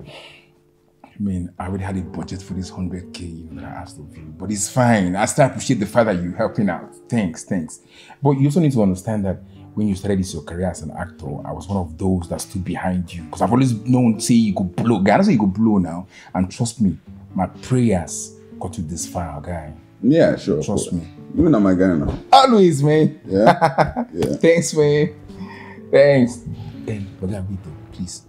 I mean, I already had a budget for this 100k you know, that I asked of you, but it's fine. I still appreciate the fact that you're helping out. Thanks, thanks. But you also need to understand that when you started this your career as an actor, I was one of those that stood behind you because I've always known, say you could blow. God, say you could blow now, and trust me, my prayers got you this far, guy. Yeah, sure. Trust me. You're not my guy now. Always, man. Yeah. yeah. Thanks, man. Thanks. Hey, Brother Vito, please.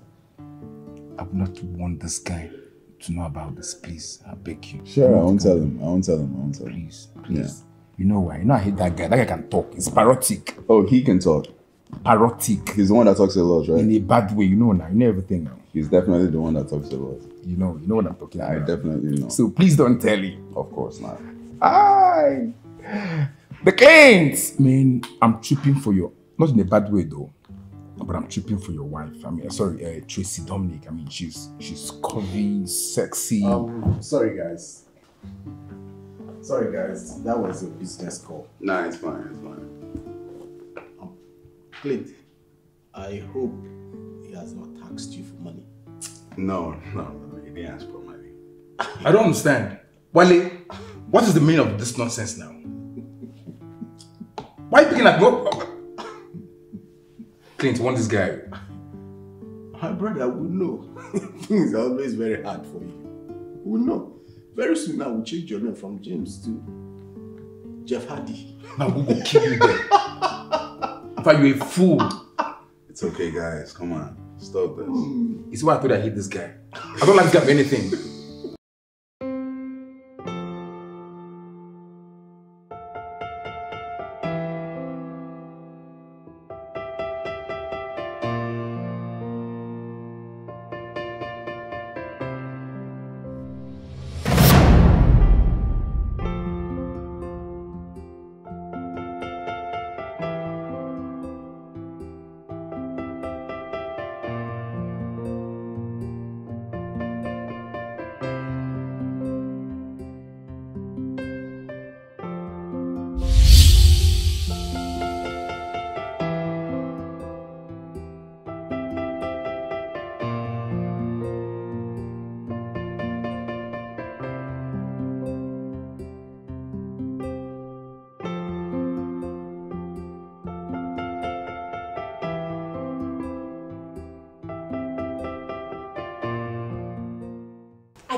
I would not want this guy to know about this, please. I beg you. Sure, I won't tell him. I won't tell him. I won't tell him. Please, please. Yeah. You know why? You know I hate that guy. That guy can talk. He's parotic. Oh, he can talk. Parotic. He's the one that talks a lot, right? In a bad way, you know now. You know everything now. He's definitely the one that talks a lot. You know, you know what I'm talking about. I definitely know. So please don't tell him. Of course not. I the clients. Man, I'm tripping for you. Not in a bad way though but I'm tripping for your wife. I mean, sorry, uh, Tracy Dominic. I mean, she's she's curvy, sexy. Um, sorry guys. Sorry guys, that was a business call. No, it's fine, it's fine. Um, Clint, I hope he has not taxed you for money. No, no, he didn't ask for money. I don't understand. Wale, what is the meaning of this nonsense now? Why are you picking at Clint, want this guy? My brother will know. Things are always very hard for you. Will know. Very soon I will change your name from James to Jeff Hardy. My will kill you there. In fact, you're a fool. It's okay, guys. Come on. Stop this. Mm. It's why I thought I hate this guy. I don't like this guy for anything.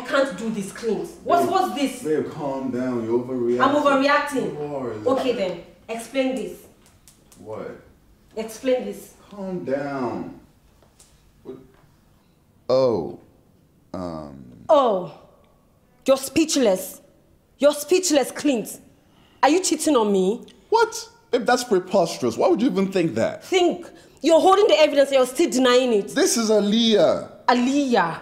can't do these claims. What's, what's this? Babe, calm down. You're overreacting. I'm overreacting. Okay then. Explain this. What? Explain this. Calm down. What? Oh. Um. Oh. You're speechless. You're speechless, Clint. Are you cheating on me? What? If that's preposterous, why would you even think that? Think. You're holding the evidence and you're still denying it. This is Aaliyah. Aaliyah.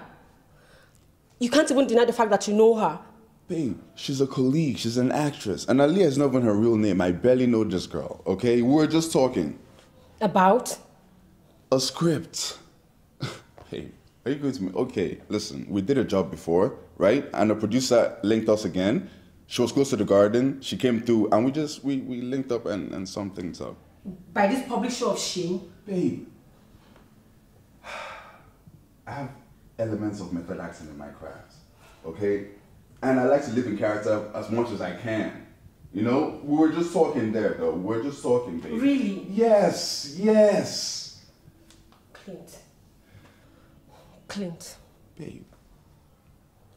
You can't even deny the fact that you know her. Babe, she's a colleague. She's an actress. And Aliyah is not even her real name. I barely know this girl, okay? We are just talking. About? A script. hey, are you going to me? Okay, listen, we did a job before, right? And the producer linked us again. She was close to the garden. She came through, and we just, we, we linked up and, and some things up. By this public show of shame? Babe, I have elements of method acting in my crafts. Okay? And I like to live in character as much as I can. You know, we were just talking there though. We are just talking, baby. Really? Yes, yes. Clint. Clint. Babe.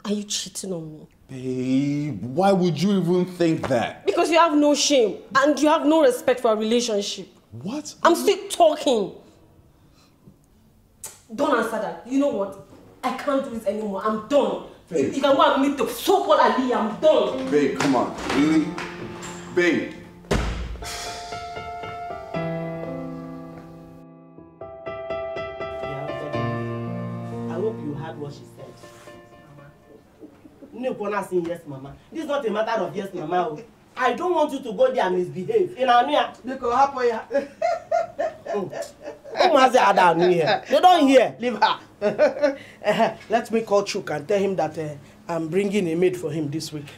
Are you cheating on me? Babe, why would you even think that? Because you have no shame and you have no respect for our relationship. What? I'm still talking. Don't answer that. You know what? I can't do this anymore. I'm done. Babe. You can go and meet the so-called Ali. I'm done. Babe, come on. Really? Babe. I hope you heard what she said. No corner saying yes, Mama. This is not a matter of yes, Mama. I don't want you to go there and misbehave. In Anuya. Because happen. Oh. Umaze ah, had down here. They don't hear. Leave her. Eh, eh, let me call Chuk and tell him that uh, I'm bringing a maid for him this weekend.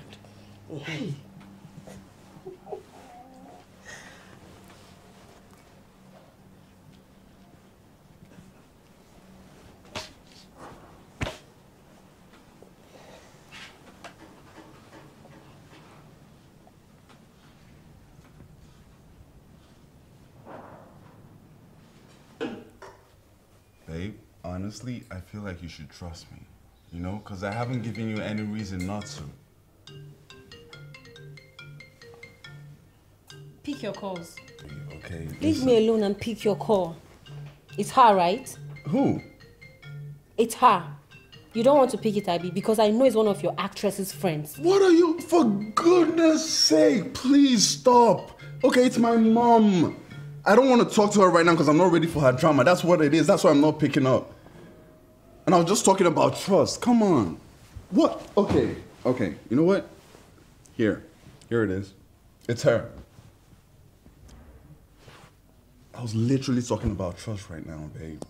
Hey. honestly, I feel like you should trust me. You know, because I haven't given you any reason not to. Pick your calls. Okay. Leave me alone and pick your call. It's her, right? Who? It's her. You don't want to pick it, Abby, because I know it's one of your actress's friends. What are you? For goodness sake, please stop. Okay, it's my mom. I don't want to talk to her right now because I'm not ready for her drama. That's what it is. That's why I'm not picking up. And I was just talking about trust. Come on. What? Okay. Okay. You know what? Here. Here it is. It's her. I was literally talking about trust right now, babe.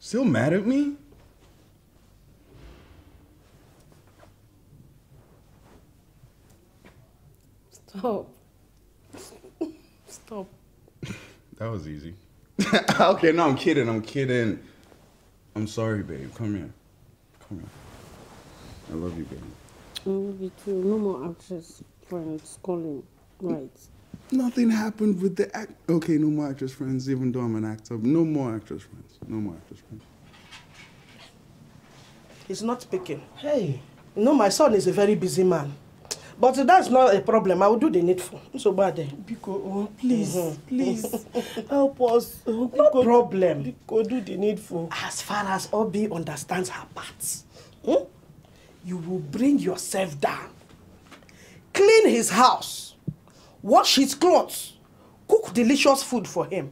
Still mad at me? Stop. Stop. that was easy. okay, no, I'm kidding. I'm kidding. I'm sorry, babe. Come here. Come here. I love you, babe. I love you too. No more actress friends calling. Right. Nothing happened with the act. Okay, no more actress friends, even though I'm an actor. No more actress friends. No more actress friends. He's not speaking. Hey. You know, my son is a very busy man. but that's not a problem i will do the needful So bad, biko oh, please mm -hmm. please help us. Oh, no biko, problem biko do the needful. as far as obi understands her parts, hmm? you will bring yourself down clean his house wash his clothes cook delicious food for him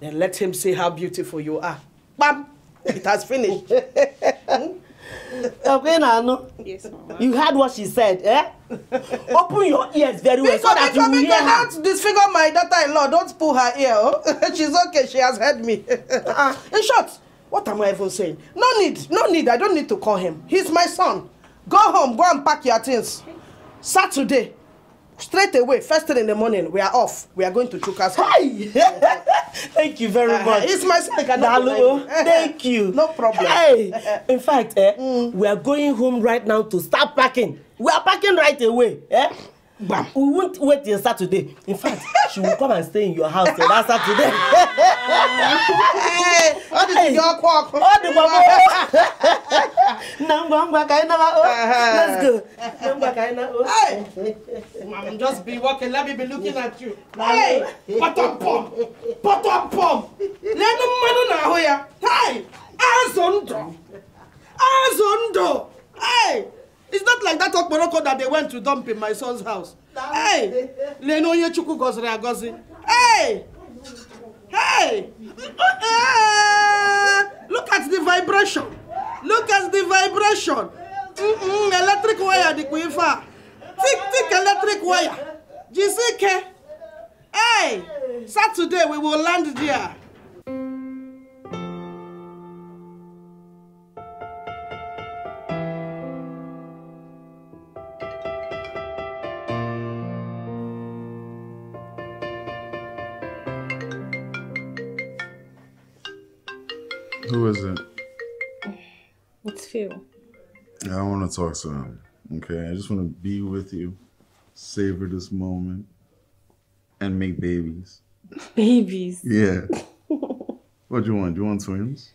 then let him see how beautiful you are bam it has finished. Okwenano. Yes, Mama. You heard what she said, eh? Open your ears very well so that you hear her. Don't disfigure my daughter-in-law. Don't pull her ear. Oh? She's okay. She has heard me. Ah, in short, what am I even saying? No need. No need. I don't need to call him. He's my son. Go home. Go and pack your things. Saturday, straight away first thing in the morning we are off we are going to chuka's Hi, thank you very uh, much it's my son hello. Uh-huh. thank you no problem hey uh-huh. in fact eh, mm. we are going home right now to start packing we are packing right away eh? Bam. We won't wait till Saturday. In fact, she will come and stay in your house till that Saturday. All this is your pork. All the babo. Nangwa ngwa kaina ba. Oh. Uh-huh. Let's go. Nangwa kaina o. Oh. Hey. I'm just be working. Let me be looking at you. Hey. Potom pom. Potom pom. Lenu mmanụ n'ahụ ya. Hey. Azụ ndụ. Azụ ndụ. Hey it's not like that okporoko that they went to dump in my son's house hey lene onye chukwu gọziri agọzi hey hey uh-uh. look at the vibration look at the vibration mm -mm, electric wire dịkwa ife thick thick electric wire jisi ike hey saturday we will land there. is it? It's I want to talk to him. Okay, I just want to be with you, savor this moment, and make babies. Babies. Yeah. what do you want? Do you want twins?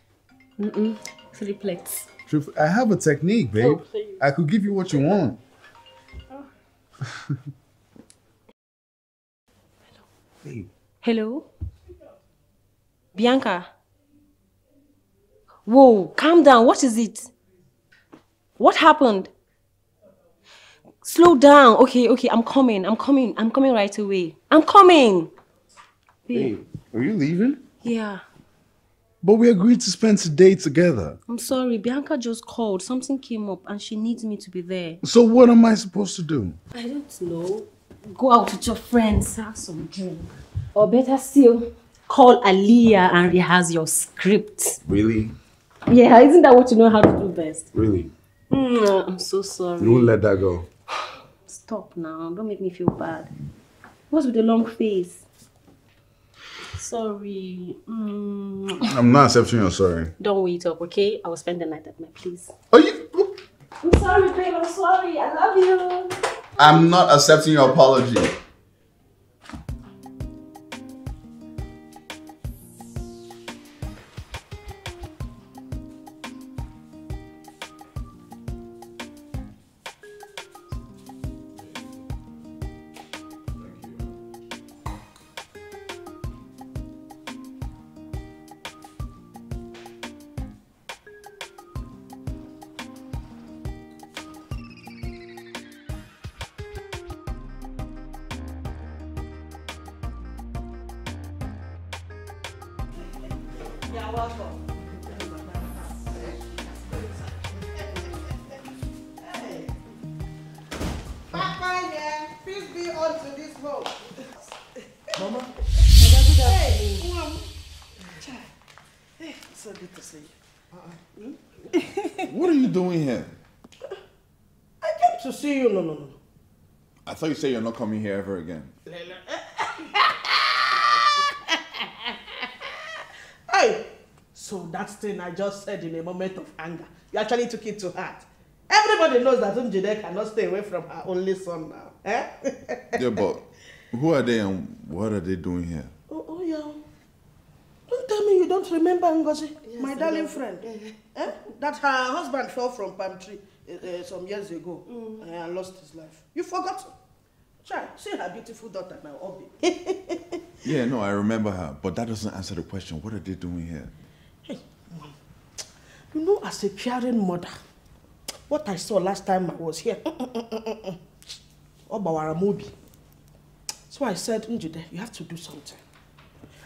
Mm-mm. Triplets. Triplets. I have a technique, babe. Oh, I could give you what you want. Oh. Hello. Hello. Bianca. Whoa, calm down. What is it? What happened? Slow down. Okay, okay, I'm coming. I'm coming. I'm coming right away. I'm coming. Hey, are you leaving? Yeah. But we agreed to spend today together. I'm sorry, Bianca just called. Something came up and she needs me to be there. So what am I supposed to do? I don't know. Go out with your friends, have some drink. Or better still, call Aliyah and rehearse your script. Really? Yeah, isn't that what you know how to do best? Really? Mm, oh, I'm so sorry. You won't let that go. Stop now. Don't make me feel bad. What's with the long face? Sorry. Mm. I'm not accepting your sorry. Don't wait up, okay? I will spend the night at my place. Are you? Oh. I'm sorry, babe. I'm sorry. I love you. I'm not accepting your apology. You're welcome. Papa here, be unto this home. Mama. Hey, Mom. Hey, so good to see you. Hmm? what are you doing here? I came to see you. No, no, no. I thought you said you're not coming here ever again. that thing I just said in a moment of anger. You actually took it to heart. Everybody knows that Umjide cannot stay away from her only son now. Eh? yeah, but who are they and what are they doing here? Oh, oh yeah. Don't tell me you don't remember Ngozi, yes, my darling know. friend. Eh? That her husband fell from palm tree uh, some years ago mm. Eh, and lost his life. You forgot? Try, see her beautiful daughter now, Obi. yeah, no, I remember her, but that doesn't answer the question. What are they doing here? You know, as a caring mother, what I saw last time I was here, Obawaramobi. So I said, Njude, you have to do something.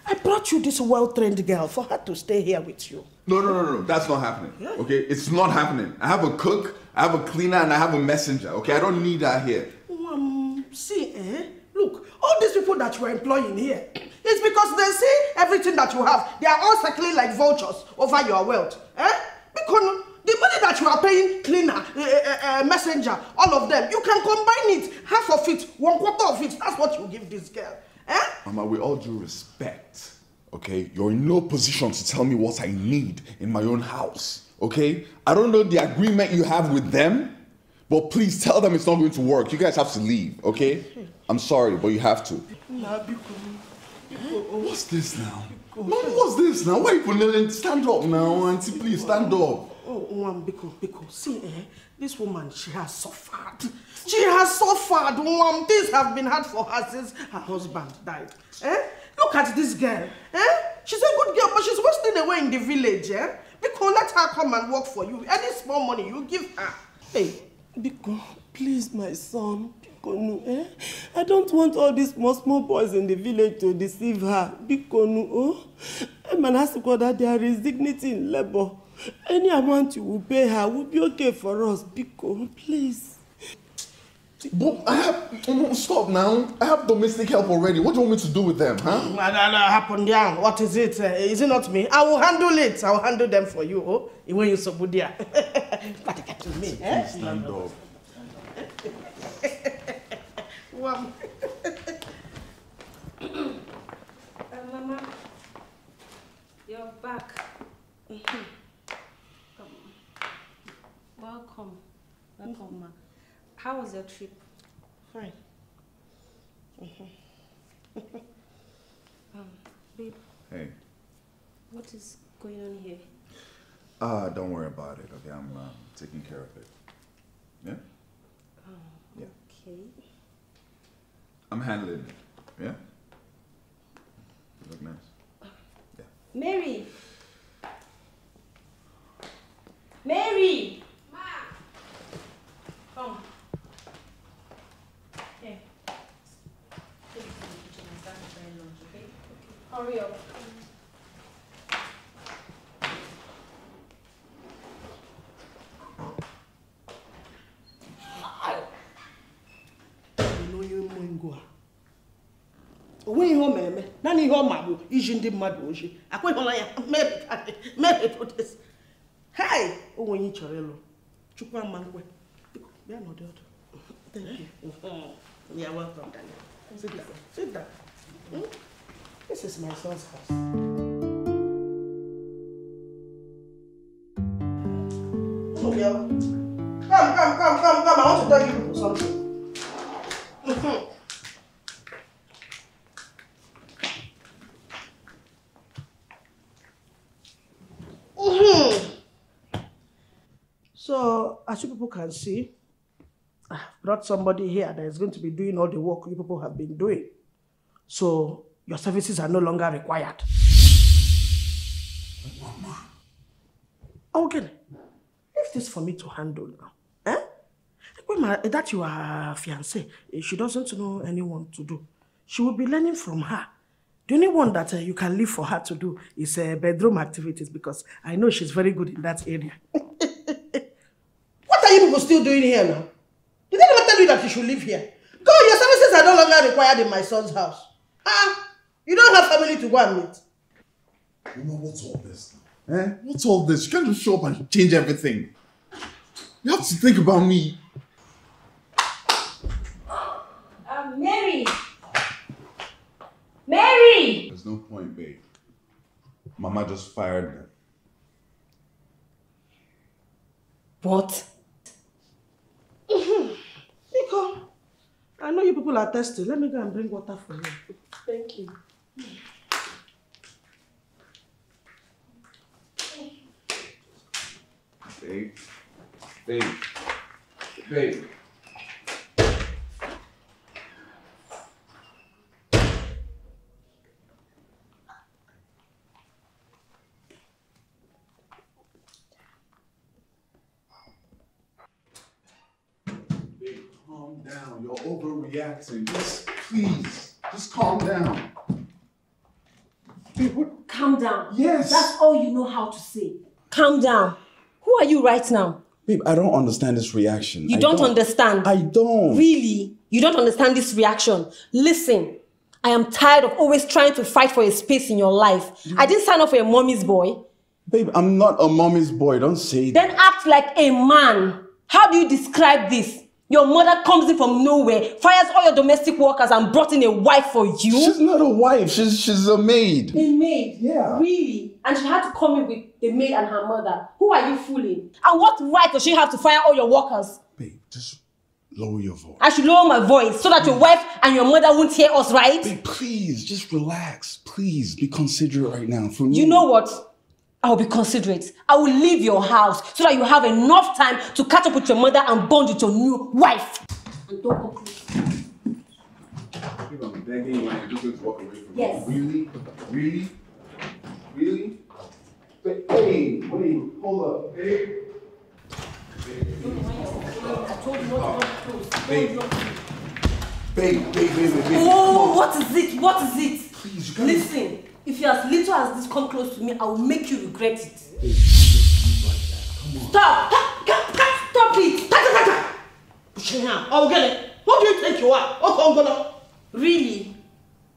I brought you this well-trained girl for her to stay here with you. No, no, no, no, that's not happening. Yeah. Okay, it's not happening. I have a cook, I have a cleaner, and I have a messenger. Okay, I don't need her here. Um, see, eh? Look, all these people that you are employing here, it's because they see everything that you have. They are all circling like vultures over your wealth. Eh? Kono, the money that you are paying cleaner, uh, uh, messenger, all of them, you can combine it, half of it, one quarter of it. That's what you give this girl. Eh? Mama, with all due respect, okay, you're in no position to tell me what I need in my own house, okay? I don't know the agreement you have with them, but please tell them it's not going to work. You guys have to leave, okay? I'm sorry, but you have to. What's this now? Mom, what's this now? Why you couldn't stand up now, auntie? Please stand up. Oh, oh, um, Biko, because, see, eh, this woman, she has suffered. She has suffered, Mom. Oh, um, things have been hard for her since her husband died. Eh? Look at this girl. Eh? She's a good girl, but she's wasting away in the village. Eh? Biko, let her come and work for you. Any small money you give her. Hey, Biko, please, my son, Bikonu, eh? I don't want all these small, small boys in the village to deceive her. Bikonu, oh? I'm eh, Emanasiko, that there is dignity in labor. Any amount you will pay her will be okay for us. Biko, please. But I have stop now. I have domestic help already. What do you want me to do with them, huh? Mm, Happen down. What is it? Eh, is it not me? I will handle it. I will handle them for you. Oh, when you but to me, eh? subudia. Stand up. uh, Mama, you're back. Come Welcome. Welcome, Ma. How was your trip? Fine. -hmm. um, babe. Hey. What is going on here? Ah, uh, don't worry about it, okay? I'm uh, taking care of it. Yeah? I'm handling it. Yeah? You look nice. Yeah. Mary! Mary! Ma! Come. okay? Hurry up. onwe ihe ọ ma-eme naanị ihe ọ ma bụ iji ndị mmadụ oji akweghịla ya mepụtasị hai chọrọ ịlụ chukwu ama nkwe thank you hmm. you're welcome darling sit down sit hmm? down this is my son's house Come, come, come, come, come. I want to tell you something. as you people can see, I've brought somebody here that is going to be doing all the work you people have been doing. So your services are no longer required. Mama. Okay. Leave this for me to handle now. Eh? That you are uh, fiancé, eh, she doesn't know anyone to do. She will be learning from her. The only one that uh, you can leave for her to do is uh, bedroom activities because I know she's very good in that area. still doing here now? Did anyone tell you that you should live here? Go, your services are no longer required in my son's house. Ah, you don't have family to go and meet. You know, what's all this? Eh? What's all this? You can't just show up and change everything. You have to think about me. Um, Mary! Mary! There's no point, babe. Mama just fired me. What? I know you people are thirsty. Let me go and bring water for you. Thank you. Babe. Babe. Babe. relaxing. Just please, just calm down. People, calm down. Yes. That's all you know how to say. Calm down. Who are you right now? Babe, I don't understand this reaction. You don't, don't, understand. I don't. Really? You don't understand this reaction. Listen, I am tired of always trying to fight for a space in your life. I didn't sign up for a mommy's boy. Babe, I'm not a mommy's boy. Don't say Then that. act like a man. How do you describe this? Your mother comes in from nowhere, fires all your domestic workers, and brought in a wife for you. She's not a wife. She's she's a maid. A maid. Yeah. Really? And she had to come in with the maid and her mother. Who are you fooling? And what right does she have to fire all your workers? Babe, just lower your voice. I should lower my voice so that your wife and your mother won't hear us, right? Babe, please, just relax. Please, be considerate right now. For me. You know what? I will be considerate. I will leave your house so that you have enough time to catch up with your mother and bond with your new wife. And don't go close. I'm begging you, you're just going to walk away from yes. me. Really? Really? Really? But hey, wait, hold up. Hey. Babe, babe, babe, babe, babe. Whoa, oh, what is it? What is it? Please, you can't. Listen. If you're as little as this come close to me, I will make you regret it. Hey, Come on. Stop! Stop! Stop it! Bushina, I will get it. What do you think you are? Okay, oh, I'm gonna. Really?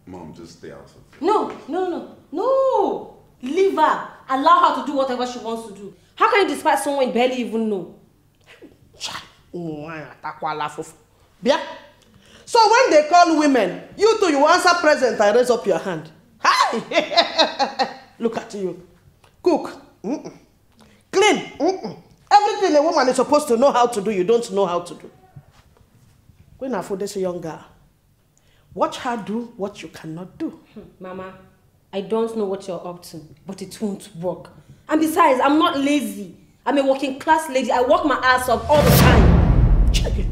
Mom, just stay out of No, no, no, no. Leave her. Allow her to do whatever she wants to do. How can you despise someone you barely even know? Oh, so when they call women, you two, you answer present and raise up your hand. Look at you. Cook. Mm -mm. Clean. Mm Everything a woman is supposed to know how to do, you don't know how to do. When I for this young girl, watch her do what you cannot do. Hmm, Mama, I don't know what you're up to, but it won't work. And besides, I'm not lazy. I'm a working class lady. I work my ass off all the time. Check it.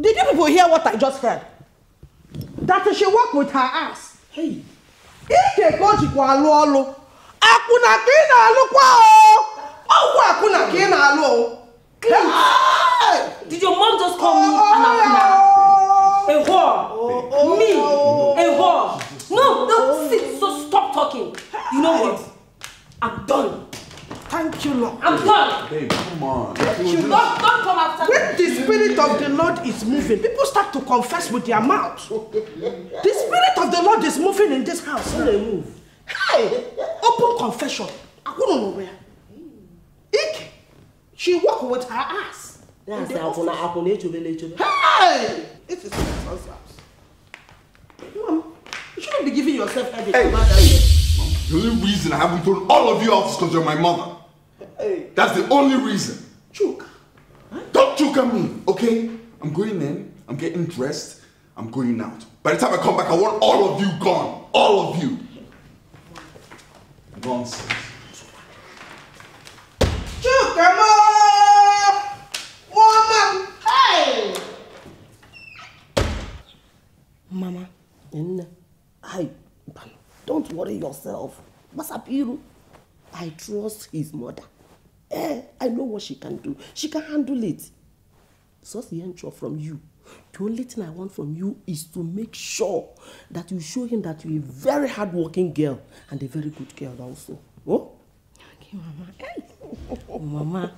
Did you people hear what I just heard? That she worked with her ass. ike ka o jikwa alụ ọlụ akwụna ka ị na-alụkwa ọgwụ akwụna ka ị na-alụ Did your mom just me oh, oh, oh, No, sit, so stop talking. You know what? I'm done. Thank you, Lord. I'm done. Hey, come on. Thank you, Lord. Don't, don't come after When me. the Spirit of the Lord is moving, people start to confess with their mouth. The Spirit of the Lord is moving in this house. they move. Hey, open confession. I do not know where. Ik, she walked with her ass. That's the office. Hey! it is my son's house. Mom, you shouldn't be giving yourself headache hey. The only reason I haven't told all of you off is because you're my mother. Hey. That's the only reason. Chuka. Huh? Don't chuka me, okay? I'm going in, I'm getting dressed, I'm going out. By the time I come back, I want all of you gone. All of you. Nonsense. Chukama! Woman! Hey! Mama, I, don't worry yourself. Masapiru, I trust his mother. eh, I know what she can do. She can handle it. So Source the entry from you. The only thing I want from you is to make sure that you show him that you're a very hardworking girl and a very good girl also. Oh? Okay, Mama. Oh, Mama.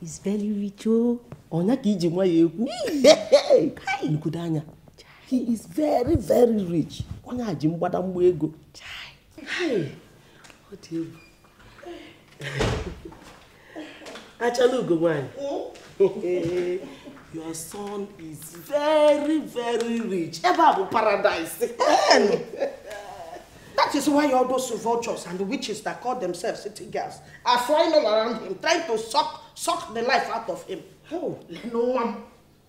He's very rich, oh. Ọ̀nà kì í jẹ mọ́ yẹ̀kú. He is very very rich. Ọ̀nà àjì mgbada mgbọ ego. Ọ dị egwu. Achọla ugo nwanyị. Your son is very very rich. have a bụ paradise. That is why all those vultures and witches that call themselves city girls are flying around him, trying to suck suck the life out of him. Oh, no one.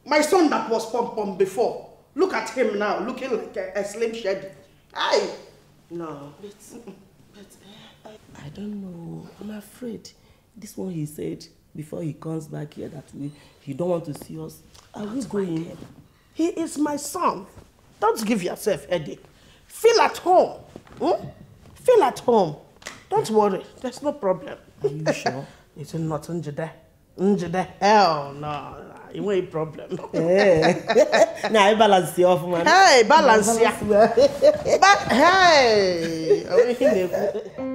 My son that was pom pom before. Look at him now, looking like a, a slim shady. Aye. No. But, but eh, I don't know. I'm afraid this one he said before he comes back here that we he don't want to see us. Are we going? Him? He is my son. Don't give yourself headache. Feel at home. Hmm? Feel at home. Don't worry. There's no problem. Are you sure? it's not njide. Njide. Hell no. You It won't problem. hey. Now I balance you off, man. Hey, balance, balance ya. but, hey.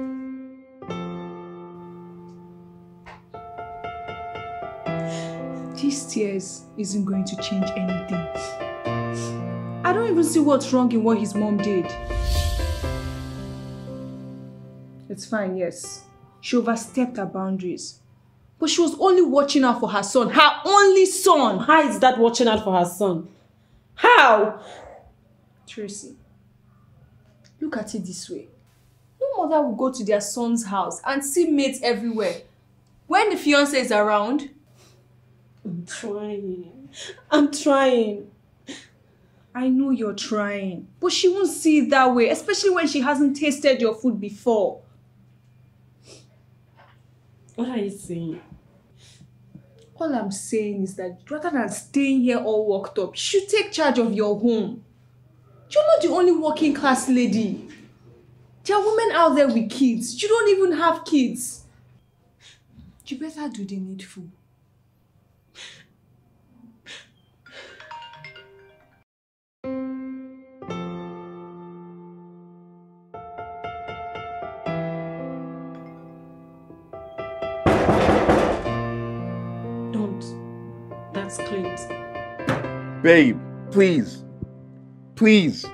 these tears isn't going to change anything. I don't even see what's wrong in what his mom did. It's fine, yes. She overstepped her boundaries. But she was only watching out for her son, her only son. How is that watching out for her son? How? Tracy, look at it this way. No mother would go to their son's house and see mates everywhere. When the fiance is around, I'm trying. I'm trying. I know you're trying, but she won't see it that way, especially when she hasn't tasted your food before. What are you saying? All I'm saying is that rather than staying here all worked up, you should take charge of your home. You're not the only working class lady. There are women out there with kids. You don't even have kids. You better do the needful. babe, please, please.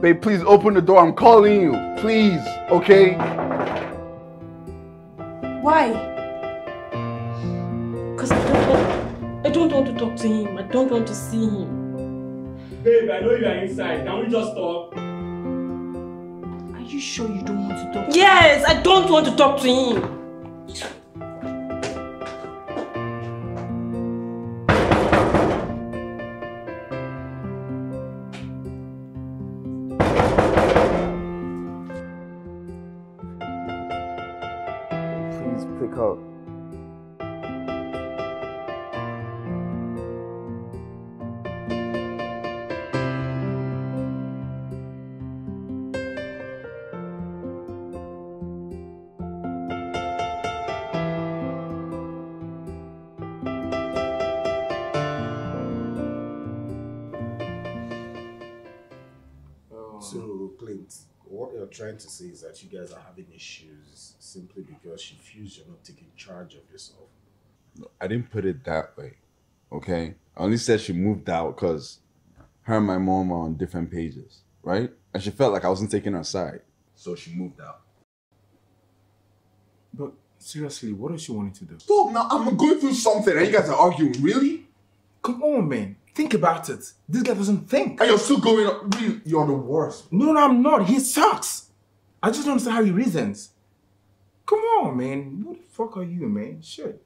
Babe, please open the door. I'm calling you. Please, okay? I know you are inside. Can we just talk? Are you sure you don't want to talk? Yes, I don't want to talk to him. to say is that you guys are having issues simply because she feels you're not taking charge of yourself. No, I didn't put it that way. Okay. I only said she moved out because her and my mom are on different pages, right? And she felt like I wasn't taking her side. So she moved out. But seriously, what does she want to do? Stop now, I'm going through something and you guys are arguing, really? Come on, man. Think about it. This guy doesn't think. And you're still going up. Really, you're the worst. No, no, I'm not. He sucks. I just don't understand how he reasons. Come on, man. Who the fuck are you, man? Shit.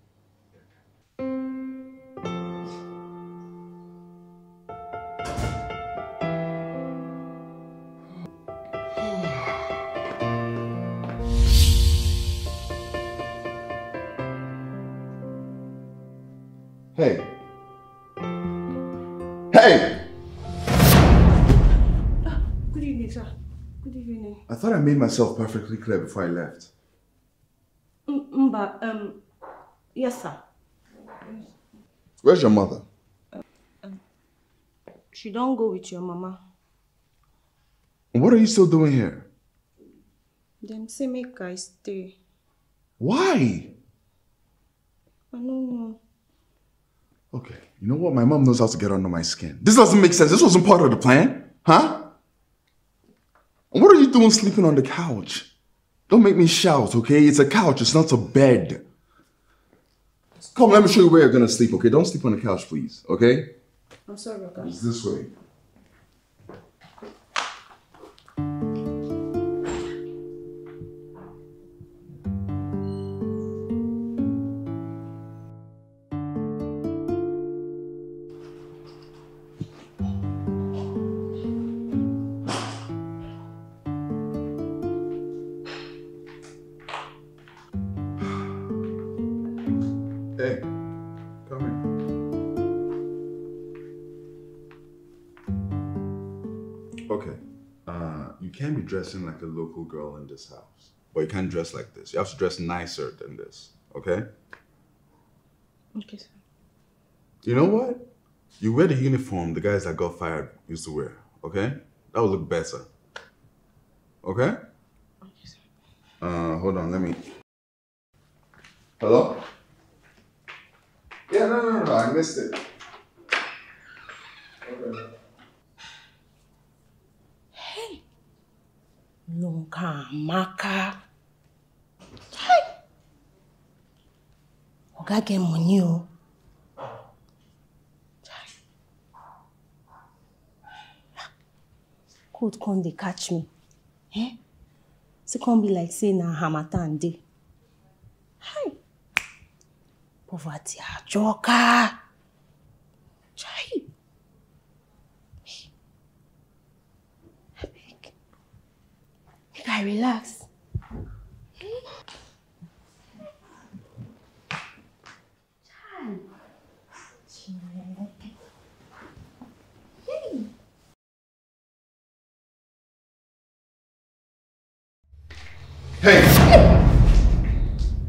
thought I made myself perfectly clear before I left. Mba, um, yes, sir. Where's your mother? Um, she don't go with your mama. What are you still doing here? Them say make I stay. Why? I don't know. Okay, you know what? My mom knows how to get under my skin. This doesn't make sense. This wasn't part of the plan, huh? the one sleeping on the couch. Don't make me shout, okay? It's a couch, it's not a bed. Come, let me show you where you're gonna sleep, okay? Don't sleep on the couch, please, okay? I'm sorry, Rocco. It's this way. dressing like a local girl in this house. Or you can't dress like this. You have to dress nicer than this. Okay? Okay, sir. You know what? You wear the uniform the guys that got fired used to wear. Okay? That would look better. Okay? Okay, sir. Uh, hold on. Let me. Hello? Yeah, no, no, no. I missed it. Okay. Lọ ka Amaka. Ọ̀gá gẹ mọ̀ ní o. Cold come dey catch me. Eh? So come be like say na harmattan dey. Hi! Poverty joker. Chai! I relax. Hey!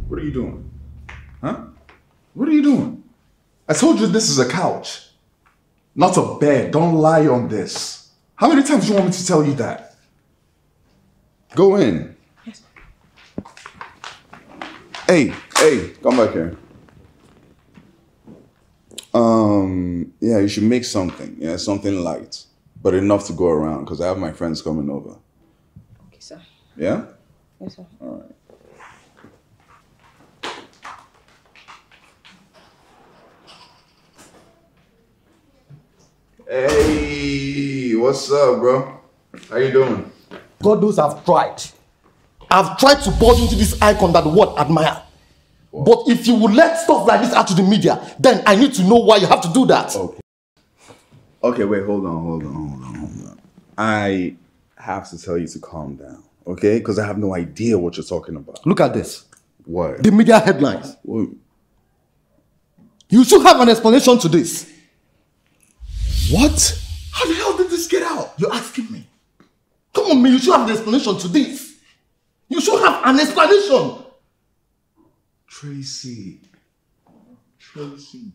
What are you doing? Huh? What are you doing? I told you this is a couch, not a bed. Don't lie on this. How many times do you want me to tell you that? Go in. Yes. Hey, hey, come back here. Um, yeah, you should make something. Yeah, something light, but enough to go around because I have my friends coming over. Okay, sir. Yeah? Yes, sir. All right. Hey, what's up, bro? How you doing? God knows I've tried. I've tried to bulge into this icon that the world admire. But if you will let stuff like this out to the media, then I need to know why you have to do that. Okay. Okay, wait, hold on, hold on, hold on, hold on. I have to tell you to calm down, okay? Because I have no idea what you're talking about. Look at this. What? The media headlines. What? You should have an explanation to this. What? How the hell did this get out? You're asking me. Come on, me, you should have an explanation to this. You should have an explanation. Tracy. Tracy.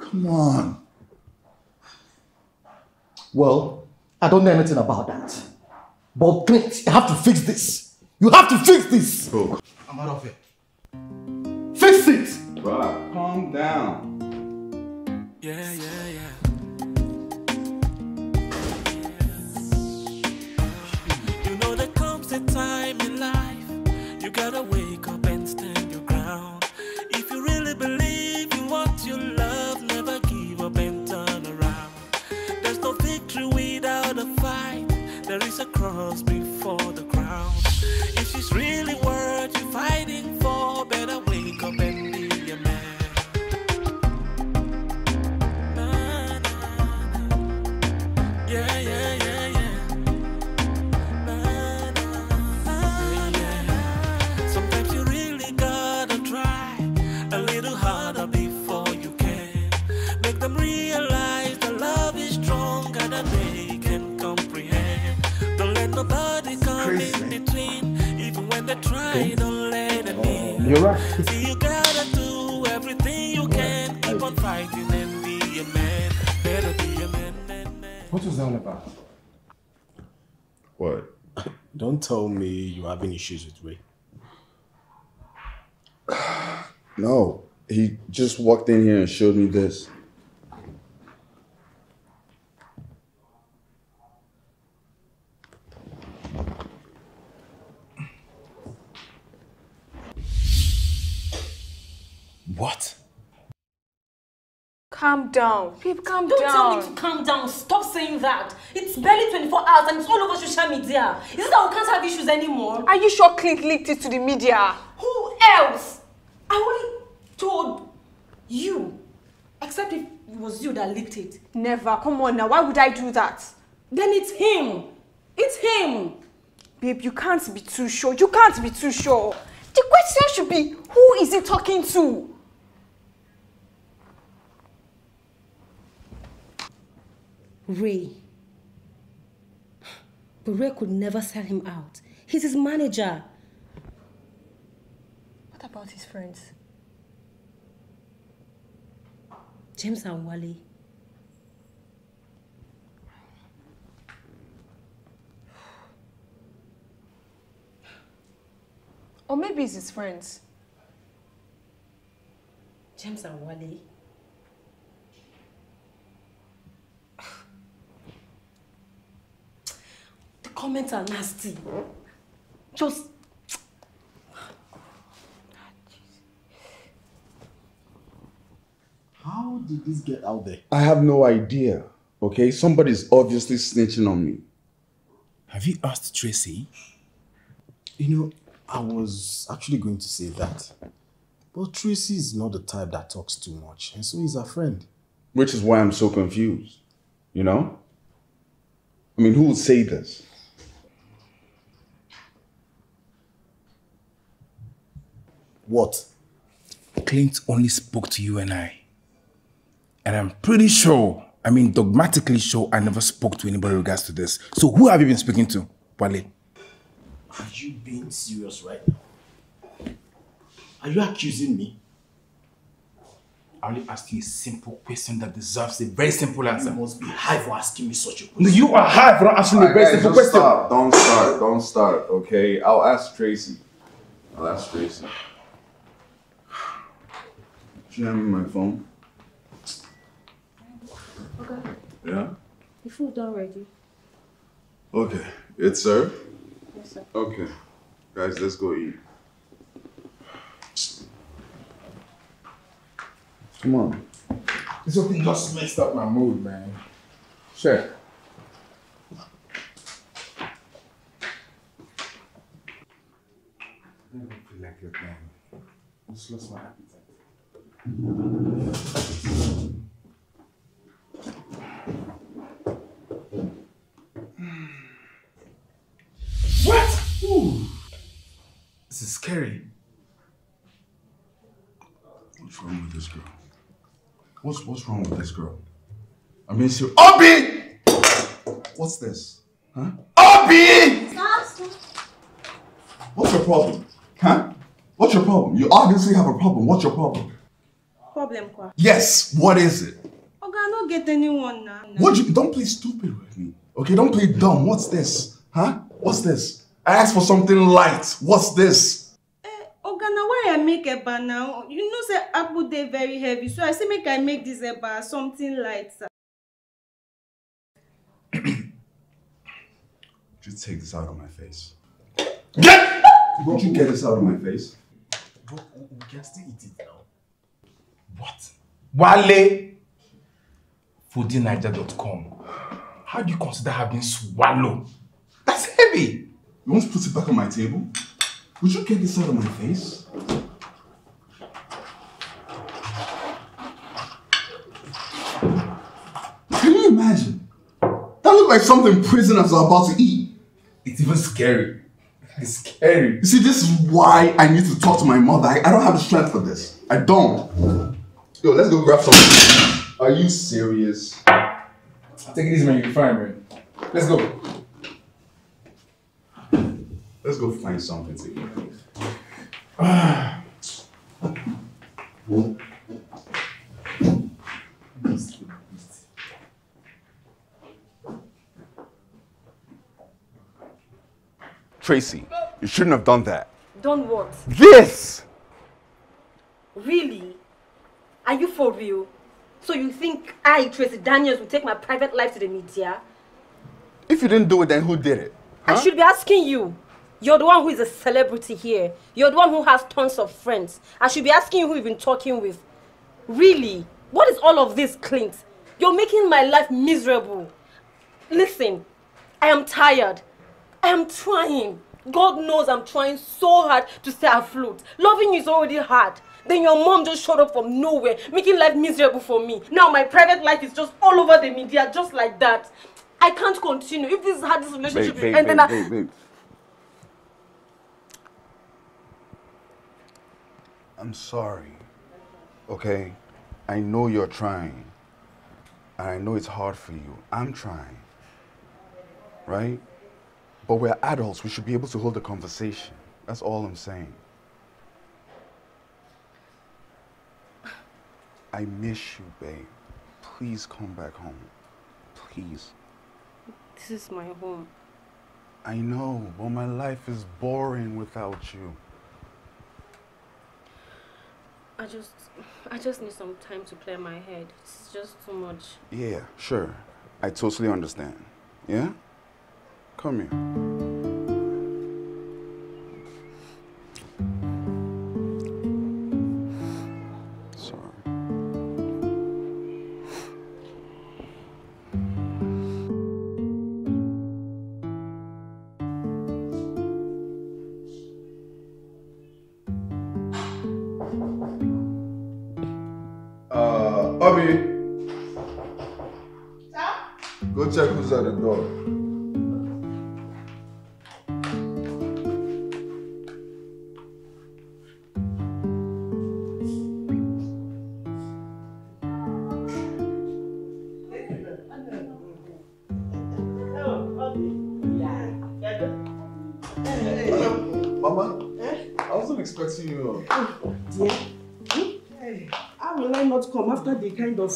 Come on. Well, I don't know anything about that. But Clint, you have to fix this. You have to fix this. Bro, I'm out of here. Fix it! Bro, calm down. Yeah, yeah, yeah. You know there comes a time in life you gotta wake up and stand your ground. If you really believe in what you love, never give up and turn around. There's no victory without a fight. There is a cross before the crown. If she's really nobody come in between. Even when they try, don't let it be. Oh, you're right. See, you gotta do everything you can. Keep on fighting and be a man. Better be a man man. What was that all about? What? Don't tell me you're having issues with Ray. no, he just walked in here and showed me this. What? Calm down. Pip, calm Don't down. Don't tell me to calm down. Stop saying that. It's barely 24 hours and it's all over social media. Is it that we can't have issues anymore? Are you sure Clint leaked it to the media? Who else? I only told you. Except if it was you that leaked it. Never. Come on now. Why would I do that? Then it's him. It's him. Babe, you can't be too sure. You can't be too sure. The question should be, who is he talking to? Ray. But Ray could never sell him out. He's his manager. What about his friends? James and Wally. Or maybe it's his friends. James and Wally. comments are nasty. Just... How did this get out there? I have no idea, okay? Somebody's obviously snitching on me. Have you asked Tracy? You know, I was actually going to say that. But Tracy is not the type that talks too much, and so he's our friend. Which is why I'm so confused, you know? I mean, who would say this? What? Clint only spoke to you and I. And I'm pretty sure, I mean dogmatically sure, I never spoke to anybody regards to this. So who have you been speaking to, Wale? Are you being serious right now? Are you accusing me? I only asked you a simple question that deserves a very simple answer. You must be high for asking me such a question. No, you are high for asking me a very simple question. Stop. Don't start. Don't start. Okay, I'll ask Tracy. I'll ask Tracy. Sharing my phone. Okay. Yeah? The food done ready. Okay. It's served? Yes, sir. Okay. Guys, let's go eat. Come on. This whole thing just messed up my mood, man. Sure. I don't feel like your man. I just lost my appetite. What? Ooh. This is scary. What's wrong with this girl? What's what's wrong with this girl? I mean, she Obi. What's this? Huh? Obi. Stop, stop. What's your problem? Huh? What's your problem? You obviously have a problem. What's your problem? Problem kwa. Yes, what is it? Oga, I don't get anyone now. now. What you, don't play stupid with me. Okay, don't play dumb. What's this? Huh? What's this? I asked for something light. What's this? Eh, Oga, now why I make eba now? You know say apple day very heavy, so I say make I make this eba something light. Just take this out of my face. Get! Don't you get this out of my face? we can still eat it now. What? Wale FoodieNiger.com. How do you consider having swallow? That's heavy. You want to put it back on my table? Would you get this out of my face? Can you imagine? That looked like something prisoners are about to eat. It's even scary. It's scary. You see, this is why I need to talk to my mother. I, I don't have the strength for this. I don't. Yo, let's go grab some. Are you serious? Take it easy, man. You're fine, man. Let's go. Let's go find something to eat. Tracy, you shouldn't have done that. Done what? This! Really? Are you for real? So you think I, Tracy Daniels, will take my private life to the media? If you didn't do it, then who did it? Huh? I should be asking you. You're the one who is a celebrity here. You're the one who has tons of friends. I should be asking you who you've been talking with. Really? What is all of this, Clint? You're making my life miserable. Listen, I am tired. I am trying. God knows I'm trying so hard to stay afloat. Loving you is already hard. Then your mom just showed up from nowhere, making life miserable for me. Now my private life is just all over the media, just like that. I can't continue. If this is how this relationship babe, babe, ending, babe, babe, babe. I'm sorry, okay? I know you're trying. And I know it's hard for you. I'm trying, right? But we're adults. We should be able to hold a conversation. That's all I'm saying. I miss you, babe. Please come back home. Please. This is my home. I know, but my life is boring without you. I just, I just need some time to clear my head. It's just too much. Yeah, sure. I totally understand. Yeah? Come here.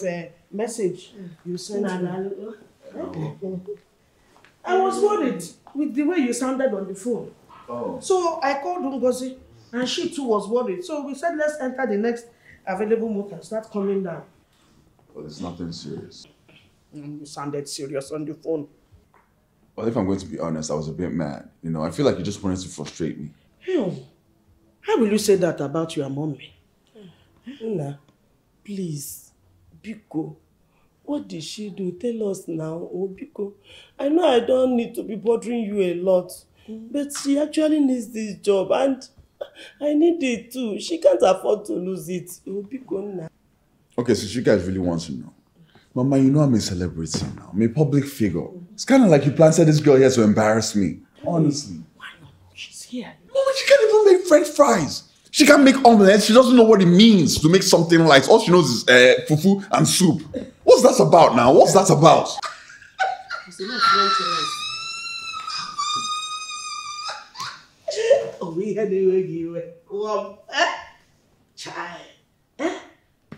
a message you sent me. Oh. I was worried with the way you sounded on the phone. Oh. So I called Ngozi and she too was worried. So we said, let's enter the next available motor, start coming down. Well, it's nothing serious. Mm, you sounded serious on the phone. Well, if I'm going to be honest, I was a bit mad. You know, I feel like you just wanted to frustrate me. Hell, oh, how will you say that about your mommy? Una, hmm. please, Obiko, what did she do? Tell us now, Obiko. I know I don't need to be bothering you a lot, mm. but she actually needs this job and I need it too. She can't afford to lose it. Obiko now. Okay, so you guys really want to know. Mama, you know I'm a celebrity now. I'm a public figure. It's kind of like you planted this girl here to embarrass me. Honestly. Why not? She's here. No, she can't even make french fries. She can't make omelette. She doesn't know what it means to make something like. All she knows is uh, fufu and soup. What's that about now? What's that about? Oh, eh? eh?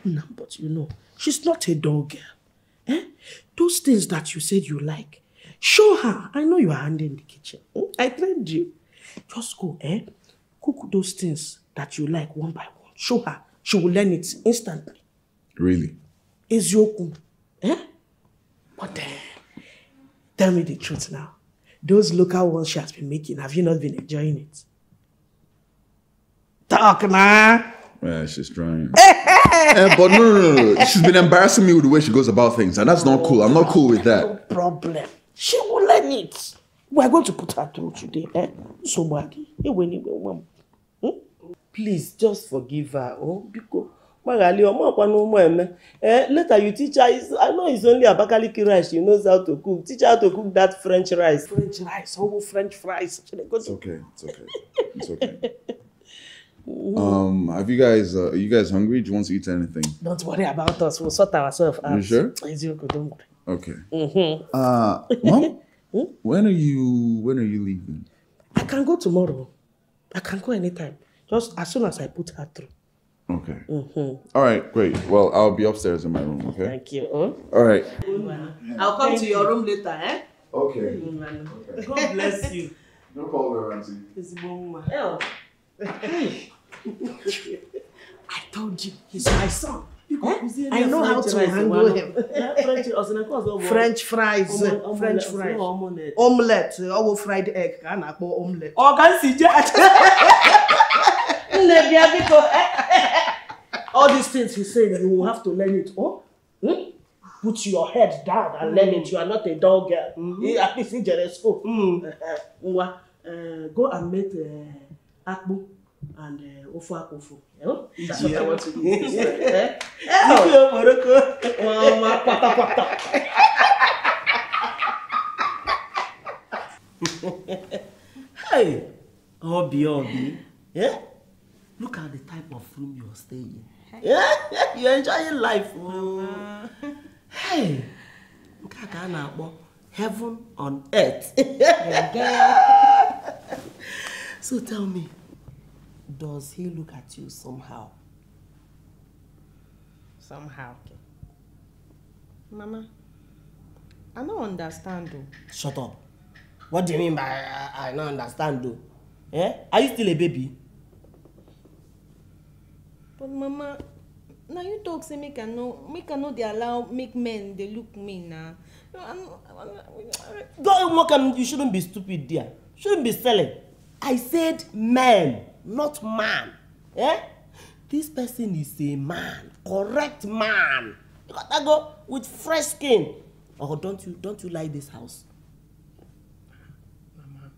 no, but you know, she's not a dog girl. Eh? Those things that you said you like, show her. I know you are handy in the kitchen. Oh, I trained you. Just go, eh? Cook those things that you like one by one. Show her. She will learn it instantly. Really? Ezioku. Eh? But then, tell me the truth now. Those local ones she has been making, have you not been enjoying it? Talk, man. Yeah, she's trying. yeah, eh, eh, but no, no, no, eh. She's been embarrassing me with the way she goes about things, and that's not cool. I'm not cool with that. No problem. She will learn it. We're going to put her through today. Eh? Somebody. Hey, when, when, please just forgive her oh biko kpaghali ọmọ ọkwanụ ụmụ eme eh later you teach her is i know it's only abakaliki rice she knows how to cook teach her how to cook that french rice french rice oh french fries. it's okay it's okay it's okay. Um, have you guys? Uh, are you guys hungry? Do you want to eat anything? Don't worry about us. We'll sort ourselves out. You sure? It's okay. Don't worry. Okay. Mm-hmm. Uh, mom, when are you? When are you leaving? I can go tomorrow. I can go anytime. Just as soon as I put her through. Okay. Mm-hmm. All right, great. Well, I'll be upstairs in my room, okay? Thank you. Huh? All right. I'll come Thank to your you. room later, eh? Okay. okay. God bless you. No problem, Auntie. It's Mama. Hey. I told you, he's my son. Huh? Eh? I know how to handle him. French fries, French fries, omelette, omelette, fried egg, omelette. Oh, can see All these things he's saying, you will have to learn it. Oh? Hmm? Put your head down and mm. learn it. Mm. You are not a dog girl. Mm-hmm. Mm. At least in Jeresco. Mm. go and meet uh, Akbu and uh, Ofu Akofu. Oh? That's yeah. what I want to do. eh? you Morocco. Mama, pata, pata. hey! Obi, Obi. Yeah? Look at the type of room you're staying in. Yeah, you're enjoying life. Oh. Uh-huh. Hey, nke a ka a na-akpọ heaven on earth. So tell me, does he look at you somehow? Somehow. okay. Mama, I no understand o. Shut up. What do you mean by I, I no understand o? Eh? Are you still a baby? but mama na you talk say make i no make i no dey allow make men dey look me na don't mock am you shouldn't be stupid there you shouldn't be selling i said men not man eh this person is a man correct man you gotta go with fresh skin or oh, don't you don't you like this house mama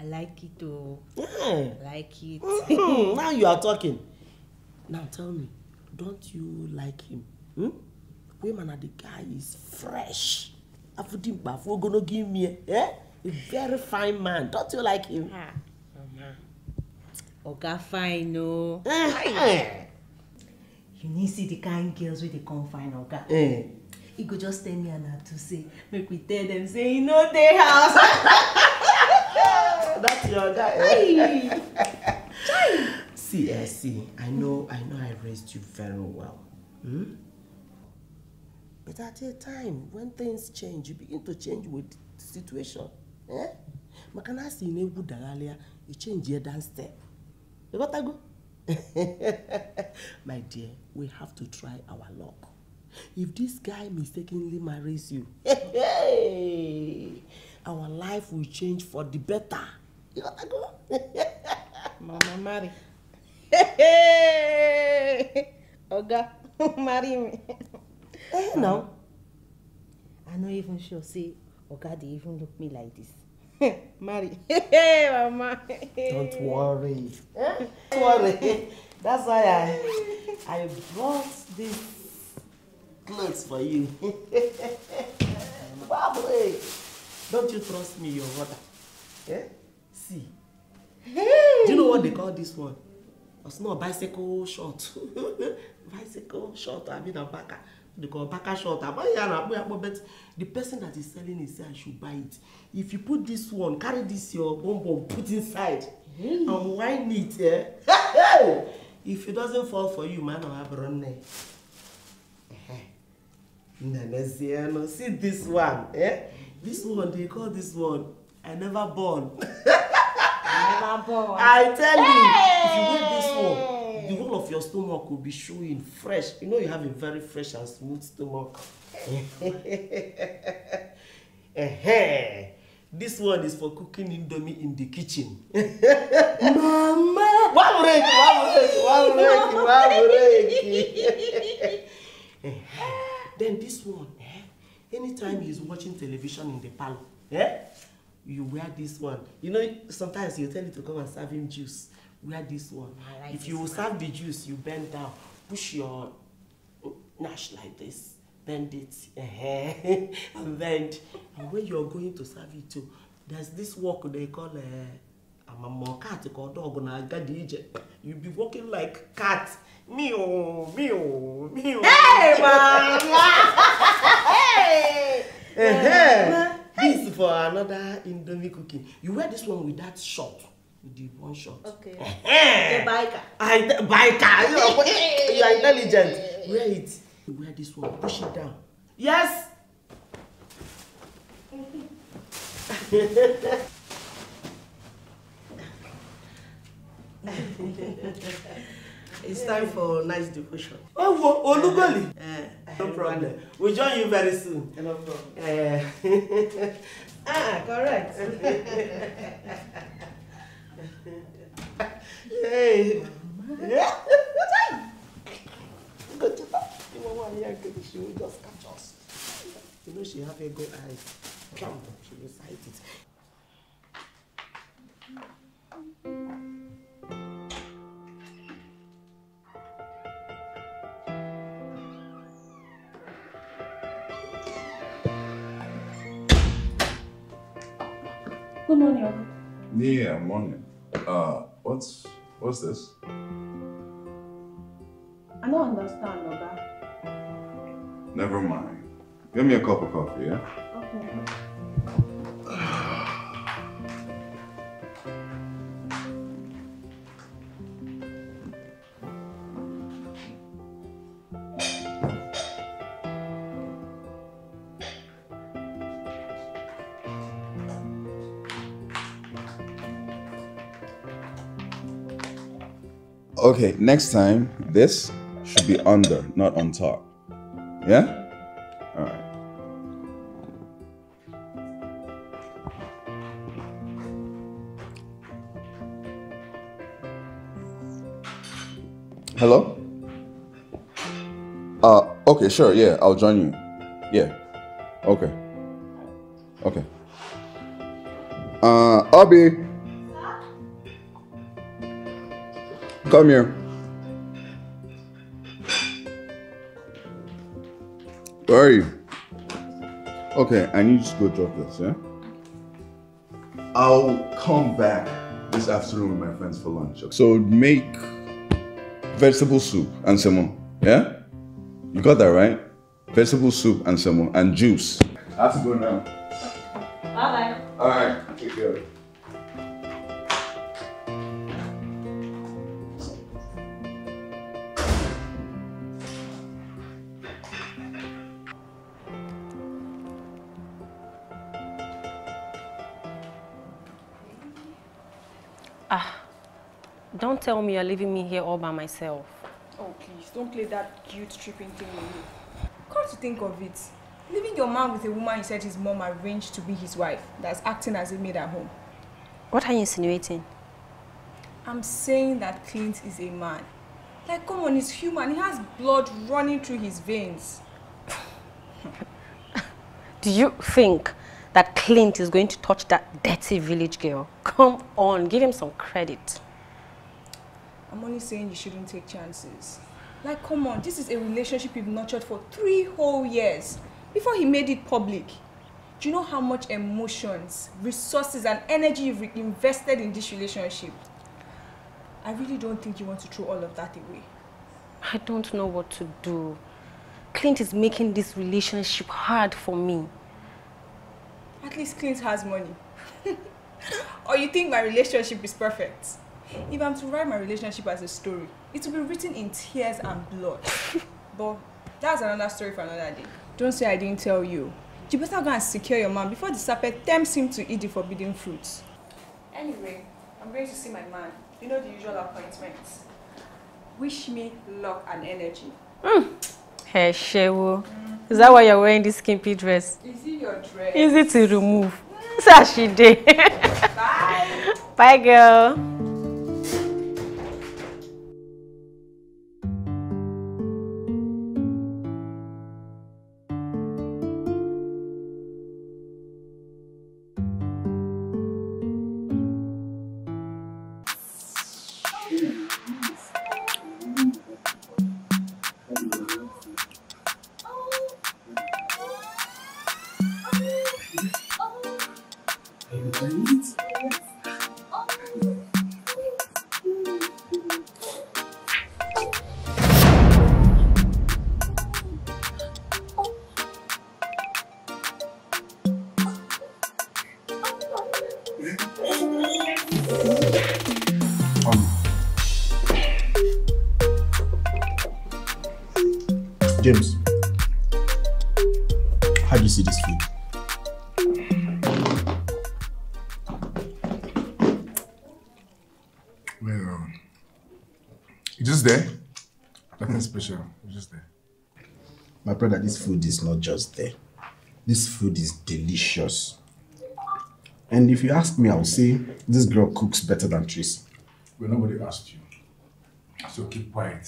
i like it oo oh. yeah. i like it mm -hmm. now you are talking Now tell me, don't you like him? Hmm? Women are the guy is fresh. Afudimba, for gonna give me eh? eh? A very fine man. Don't you like him? Ah, Mama. Oga fine, no. Eh, eh. you need see the kind girls wey dey come find oga. Eh. e go just tell me and her to say make we tell dem say e no dey house. that's your guy. See, I eh, see. I know, I know I raised you very well. Hmm? But at a time, when things change, you begin to change with the situation. Eh? Makana si ne wu dalalia, you e change your dance step. You got go? My dear, we have to try our luck. If this guy mistakenly marries you, our life will change for the better. You got go? Mama, marry. Oga, marry me. Eh, ah. no. I no even sure say Oga dey even look me like this. marry. Hey, mama. Don't worry. Eh? Don't worry. That's why I I brought this clothes for you. Babble. Don't you trust me, your mother? Eh? See. Hey. Do you know what they call this one? It's not bicycle short. bicycle short, I mean, a backer. They call backer short. But the person that is selling it say I should buy it. If you put this one, carry this your bonbon, put inside. Mm. And wind it, eh? if it doesn't fall for you, man, I'll have run there. Uh-huh. See this one, eh? This one, they call this one, I never born. I tell hey. you, if you wear this one, the whole of your stomach will be showing fresh. You know you have a very fresh and smooth stomach. this one is for cooking indomie in the kitchen. Mama! Wamureki, wamureki, wamureki, wamureki. Then this one, eh? anytime he's watching television in the parlor, eh? you wear this one you know sometimes you tell him to come and serve him juice wear this one ah, like if this you one. serve the juice you bend down push your nash like this bend it and bend and when you are going to serve it too there's this work they call uh, eh, amamo cat called dog na agadi ije you be walking like cat meow meow meow hey mama hey, hey. uh Hey. This for another Indomie cooking. You wear this one with that short. With the one short. Okay. the biker. I biker. You are, you are intelligent. Wear it. You wear this one. Push it down. Yes. It's time for nice devotion. oh, wo Olúgbòlì. Eh, eh, no problem. We join you very soon. Eh, no problem. ah, correct. hey. Good job. You know what? Yeah, good. She will just catch us. You know she have a good eye. Come, she recite it. Thank you. Good morning, Uncle. Yeah, morning. Uh, what's what's this? I don't understand, Oga. Never mind. Give me a cup of coffee, yeah? Okay. Okay, next time this should be under, not on top. Yeah? All right. Hello? Uh, okay, sure, yeah, I'll join you. Yeah. Okay. Okay. Uh, Obi. Come here. Where are you? Okay, I need you to go drop this, yeah? I'll come back this afternoon with my friends for lunch. Okay? So make vegetable soup and salmon, yeah? You got that right? Vegetable soup and salmon and juice. I have to go now. tell me you're leaving me here all by myself. Oh, please, don't play that guilt-tripping thing with me. Come to think of it, leaving your man with a woman he said his mom arranged to be his wife that's acting as a maid at home. What are you insinuating? I'm saying that Clint is a man. Like, come on, he's human. He has blood running through his veins. Do you think that Clint is going to touch that dirty village girl? Come on, give him some credit saying you shouldn't take chances. Like, come on, this is a relationship you've nurtured for three whole years before he made it public. Do you know how much emotions, resources, and energy you've invested in this relationship? I really don't think you want to throw all of that away. I don't know what to do. Clint is making this relationship hard for me. At least Clint has money. or you think my relationship is perfect? If I'm to write my relationship as a story, it will be written in tears and blood. but that's another story for another day. Don't say I didn't tell you. You better go and secure your man before the serpent tempts him to eat the forbidden fruits. Anyway, I'm going to see my man. You know the usual appointments. Wish me luck and energy. Mm. Hey, Shewo. Mm. Is that why you're wearing this skimpy dress? Is it your dress? Easy to remove. Mm. Sashi day. Bye. Bye, girl. Mm. not just there. This food is delicious. And if you ask me, I'll say this girl cooks better than Tracy. Well, nobody asked you. So keep quiet.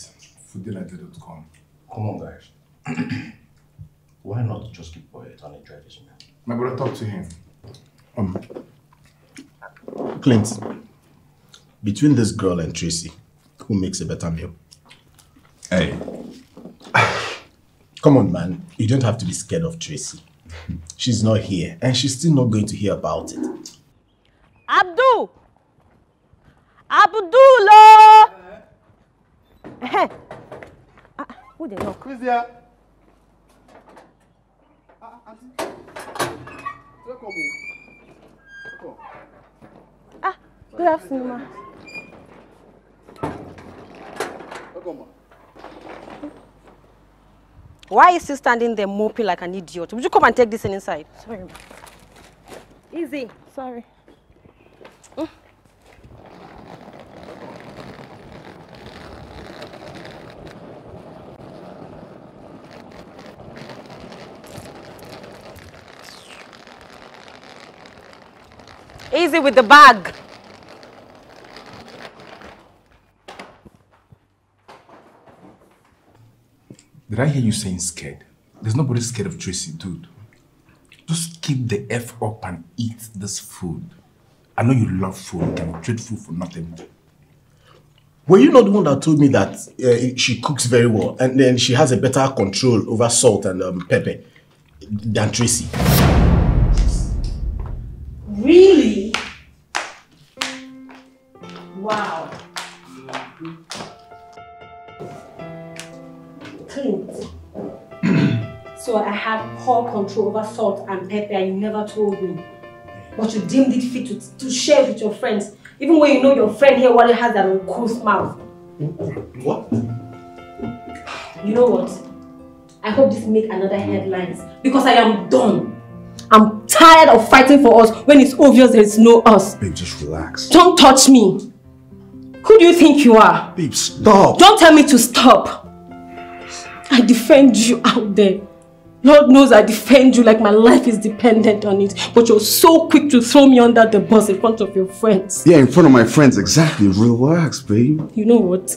Fooddelighted.com. Come on, guys. Why not just keep quiet and enjoy this meal? My brother, talk to him. Um, Clint, between this girl and Tracy, who makes a better meal? Hey, Come on, man. You don't have to be scared of Tracy. She's not here, and she's still not going to hear about it. Abdul! Abdul! Hey! Uh, eh. ah, who the knock? Who's there? Ah, oh. ah, good afternoon, ma. Welcome, ma. Why is he standing there moping like an idiot? Would you come and take this inside? Sorry. Easy. Sorry. Easy with the bag. Did I hear you saying scared? There's nobody scared of Tracy, dude. Just keep the F up and eat this food. I know you love food. You can treat food for nothing. Were you not the one that told me that uh, she cooks very well and then she has a better control over salt and um, pepper than Tracy? Really? So I had poor control over salt and pepper you never told me. But you deemed it fit to, to share with your friends, even when you know your friend here only has an uncouth mouth. What? You know what? I hope this make another headlines because I am done. I'm tired of fighting for us when it's obvious there is no us. Babe, just relax. Don't touch me. Who do you think you are? Babe, stop. Don't tell me to stop. I defend you out there. Lord knows I defend you like my life is dependent on it. But you're so quick to throw me under the bus in front of your friends. Yeah, in front of my friends, exactly. Relax, babe. You know what?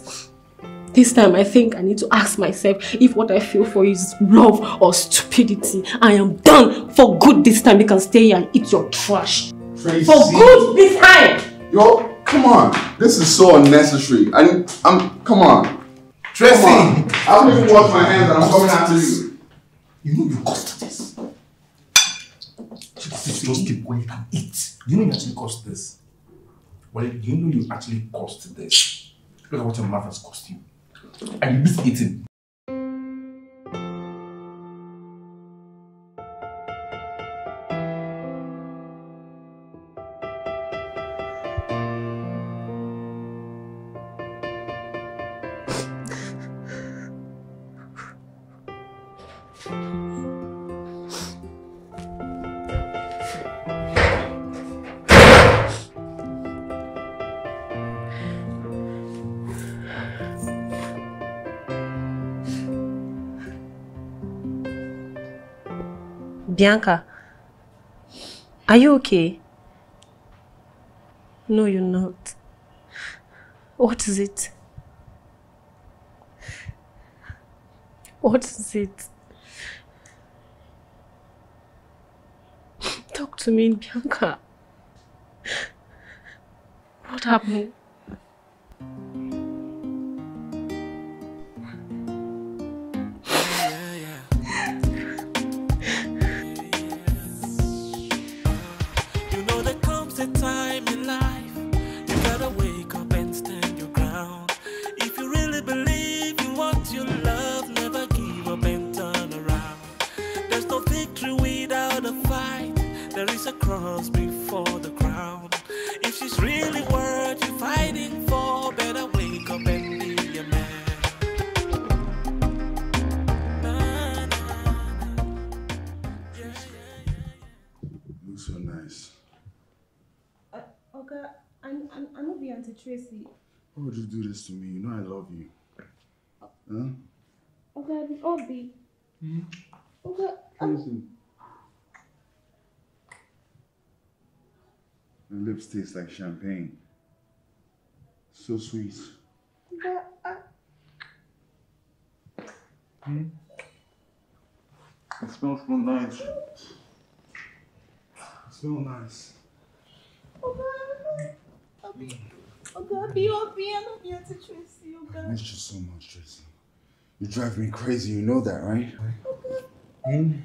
This time I think I need to ask myself if what I feel for is love or stupidity. I am done. For good this time, you can stay here and eat your trash. Tracy. For good this time! Yo, come on. This is so unnecessary. I, I'm, come on. Tracy! Come on. I have not even wash my hands and I'm coming after you. You know you caused this. just keep quiet and eat. You know you actually caused this. Well, you know you actually caused this. Look at what your mouth has cost you. And you miss eating. Bianca, are you okay? No, you're not. What is it? What is it? Talk to me, Bianca. What happened? een hobby. Hm? Ook een... Lips taste like champagne. So sweet. But, uh... hmm? It smells so nice. It smells nice. Oh, God. Oh, God. Be obedient to Tracy. Oh, God. I miss you so much, Tracy. You drive me crazy, you know that, right? Hmm?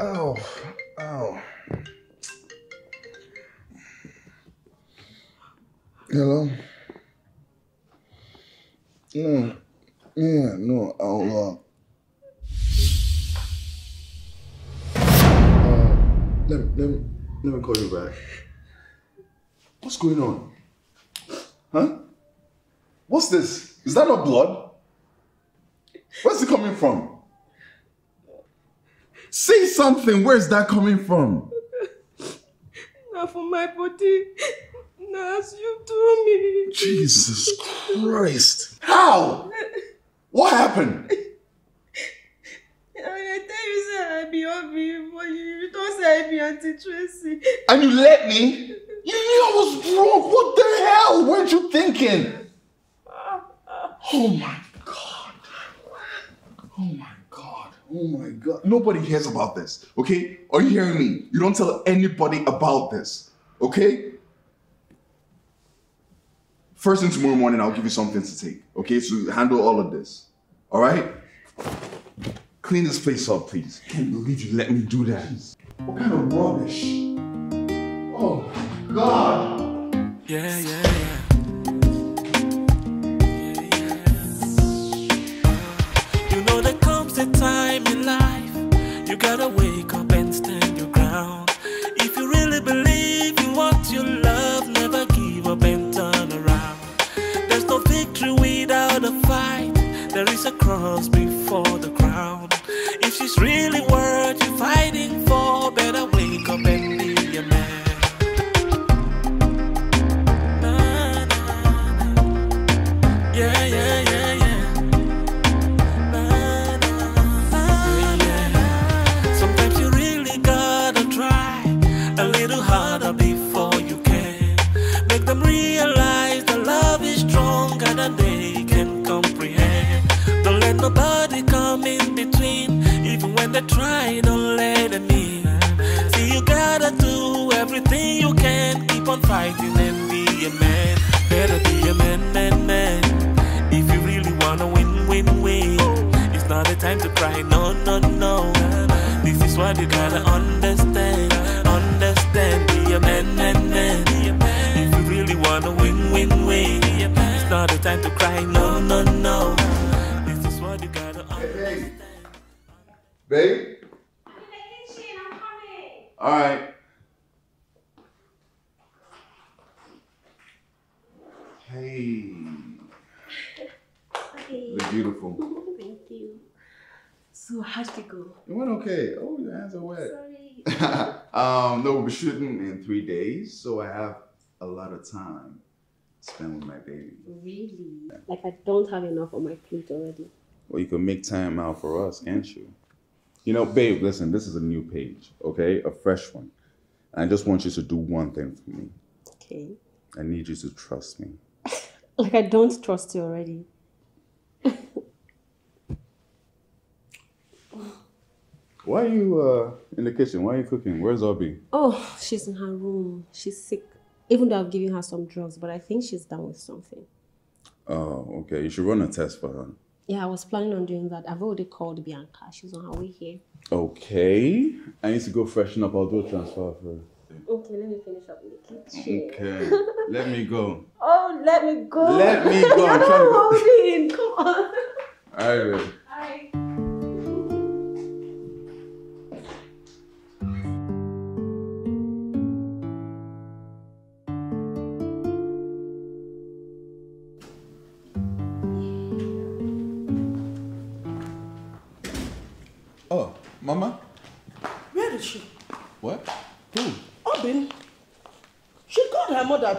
Ow. Ow. Hello? No. Yeah, no, I'll, uh... uh let, me, let, me, let me call you back. What's going on? Huh? What's this? Is that not blood? Where's it coming from? Say something. Where's that coming from? Not from my body as you do me. Jesus Christ. How? What happened? I tell you, say I be happy, but you don't say I be Auntie Tracy. And you let me? You knew I was wrong. What the hell weren't you thinking? Oh my God. Oh my God. Oh my God. Nobody cares about this, okay? Are you hearing me? You don't tell anybody about this, okay? First thing tomorrow morning, I'll give you something to take, okay? To so handle all of this, all right? Clean this place up, please. I can't believe you let me do that. What kind of rubbish? Oh, God! Yeah, yeah, yeah. yeah, yeah. You know there comes a time in life you gotta wake up across before. everything you can. Keep on fighting and be a man. Better be a man, man, man. If you really wanna win, win, win. It's not the time to cry, no, no, no. This is what you gotta understand. Understand, be a man, man, man. If you really wanna win, win, win. It's not the time to cry, no, no, no. This is what you gotta understand. Hey, hey. Babe? so hashtigo. It go? It went okay. Oh, your hands are wet. Sorry. um, no, we're shooting in three days, so I have a lot of time to spend with my baby. Really? Like I don't have enough on my plate already. Well, you can make time out for us, can't you? You know, babe, listen, this is a new page, okay? A fresh one. And I just want you to do one thing for me. Okay. I need you to trust me. like I don't trust you already. Why are you uh, in the kitchen? Why are you cooking? Where's Obi? Oh, she's in her room. She's sick. Even though I've given her some drugs, but I think she's down with something. Oh, okay. You should run a test for her. Yeah, I was planning on doing that. I've already called Bianca. She's on her way here. Okay. I need to go freshen up. I'll do a transfer for her. Okay, let me finish up in the kitchen. Okay, let me go. Oh, let me go. Let me go. I'm trying to in. Come on. All right,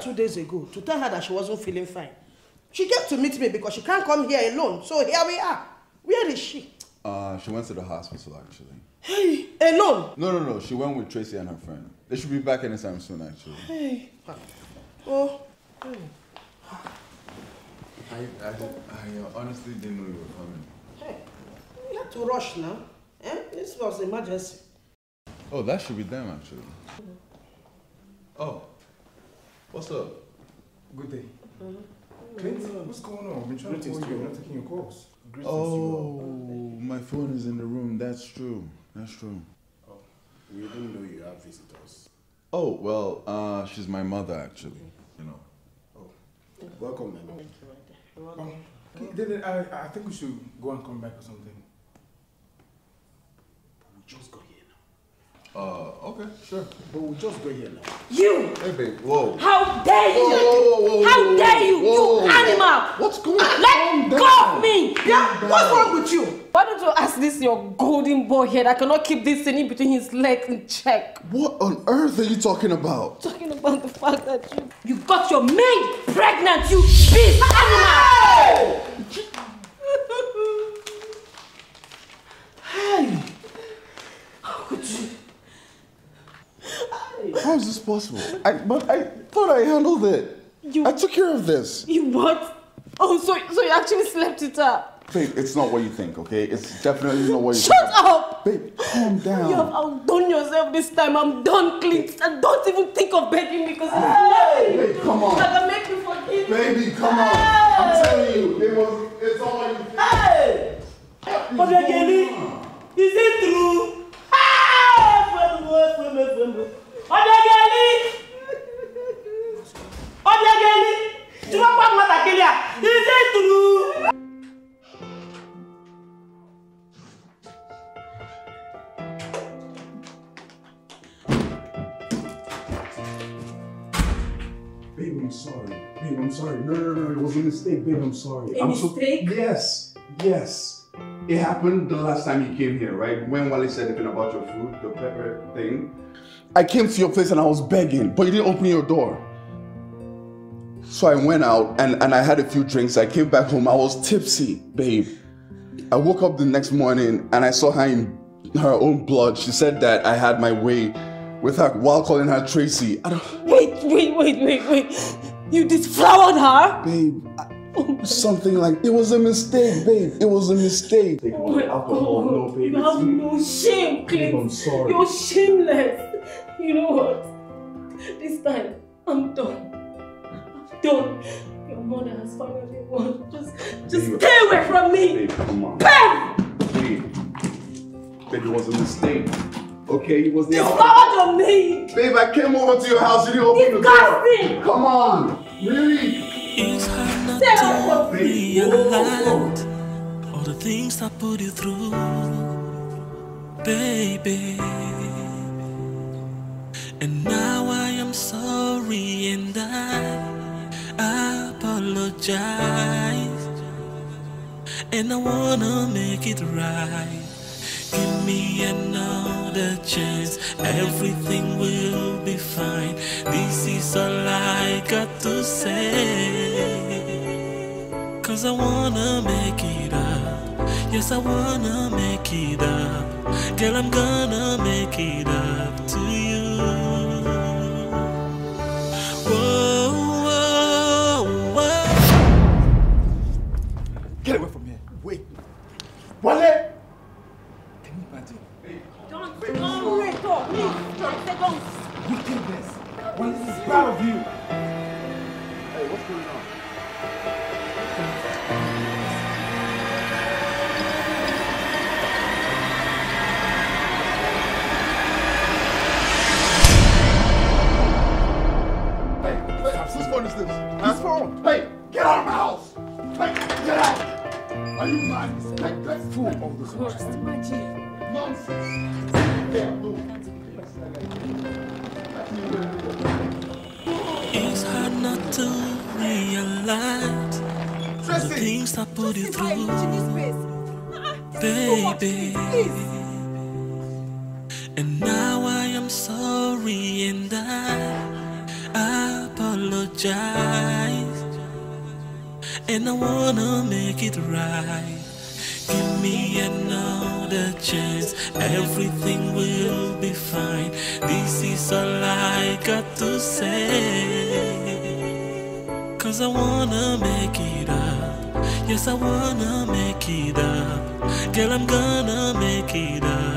two days ago to tell her that she wasn't feeling fine. She came to meet me because she can't come here alone. So here we are. Where is she? Uh, she went to the hospital actually. Hey, alone? No, no, no. She went with Tracy and her friend. They should be back anytime soon actually. Hey. Oh. I, I, I honestly didn't know you were coming. Hey, we had to rush now. Eh? This was emergency. Oh, that should be them actually. Mm-hmm. Oh. What's up? Good day. Mm-hmm. Clint, mm-hmm. what's going on? I've been trying to call you. I'm not taking your calls. oh, my phone is in the room. That's true. That's true. Oh, we didn't know you have visitors. Oh, well, uh, she's my mother, actually. You know. Oh, welcome, man. Thank you, Welcome. Um, okay, then I, I think we should go and come back or something. But we just got uh, okay, sure. But we just go here now. You! Hey, babe, whoa. How dare you! Whoa, whoa, whoa, How dare you, you animal! What's going uh, on? Let go down. of me! Yeah? What's wrong with you? Why don't you ask this your golden boy here that cannot keep this thing in between his legs in check? What on earth are you talking about? Talking about the fact that you... You got your maid pregnant, you beast animal! Hey! How could you... How is this possible? I, but I thought I handled it. You, I took care of this. You what? Oh, so, so you actually slept it up? Babe, it's not what you think, okay? It's definitely not what you Shut think. Shut up! Babe, calm down. You have outdone yourself this time. I'm done, Clint. And don't even think of begging me because hey, not nothing. Babe, come on. That can make you forgive Baby, come on. Hey. I'm telling you, it was, it's all you think. Hey! But again, is it true? ọdẹgẹlí I'm sorry. Babe, I'm sorry. No, no, no, no. It was a mistake. Babe, I'm sorry. A I'm mistake? So yes, yes. It happened the last time you came here, right? When Wally said anything about your food, the pepper thing. I came to your place and I was begging, but you didn't open your door. So I went out and, and I had a few drinks. I came back home. I was tipsy, babe. I woke up the next morning and I saw her in her own blood. She said that I had my way with her while calling her Tracy. I don't... Wait, wait, wait, wait, wait. You disflowered her? Babe, I something like it was a mistake, babe. It was a mistake. It was oh no baby. You have no shame, Clint. I'm sorry. You're shameless. You know what? This time, I'm done. I'm done. Your mother has finally won. Just, just babe, stay away from me. Babe, come on. Babe, babe, it was a mistake. Okay, it was the It's not on me! Babe, I came over to your house, you didn't open Disgusting. the door! Come on! Really? It's hard not to realize all the things I put you through, baby. And now I am sorry and I apologize. And I wanna make it right. Give me another chance, everything will be fine. This is all I got to say. Cause I wanna make it up. Yes, I wanna make it up. Girl, I'm gonna make it up to you. Whoa, whoa, whoa. Get away from here. Wait. Wale! I'm proud of Hey, what's going on? this? phone. Hey, get out of my house. Hey, get out. Are you mad? Take that fool of this house. Just imagine. Nonsense. Yeah, move. It's hard not to realize Tracy. the things I put Tracy, you through, uh-uh. baby. and now I am sorry, and I apologize, and I wanna make it right. Give me another chance, everything will be fine. This is all I got to say. Cause I wanna make it up. Yes, I wanna make it up. Girl, I'm gonna make it up.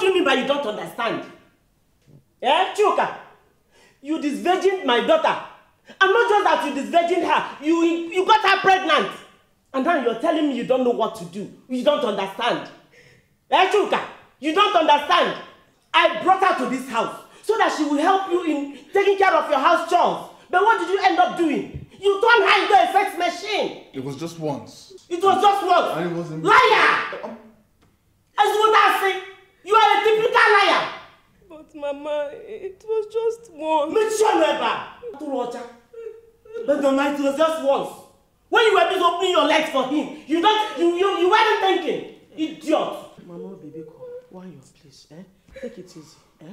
What do you mean by you don't understand? Eh, Chuka? You disvirgin my daughter. And not just that you disvirgin her, you, you got her pregnant. And now you're telling me you don't know what to do. You don't understand. Eh, Chuka? You don't understand. I brought her to this house so that she will help you in taking care of your house chores. But what did you end up doing? You turned her into a sex machine. It was just once. It was just once. And it was a Liar! Mama, it was just once. Make sure, never! To Roger. But the night was just once. When you were just opening your legs for him, you don't you you, you weren't thinking. Idiot! Mama, baby, come. Why your please? eh? Take it easy, eh?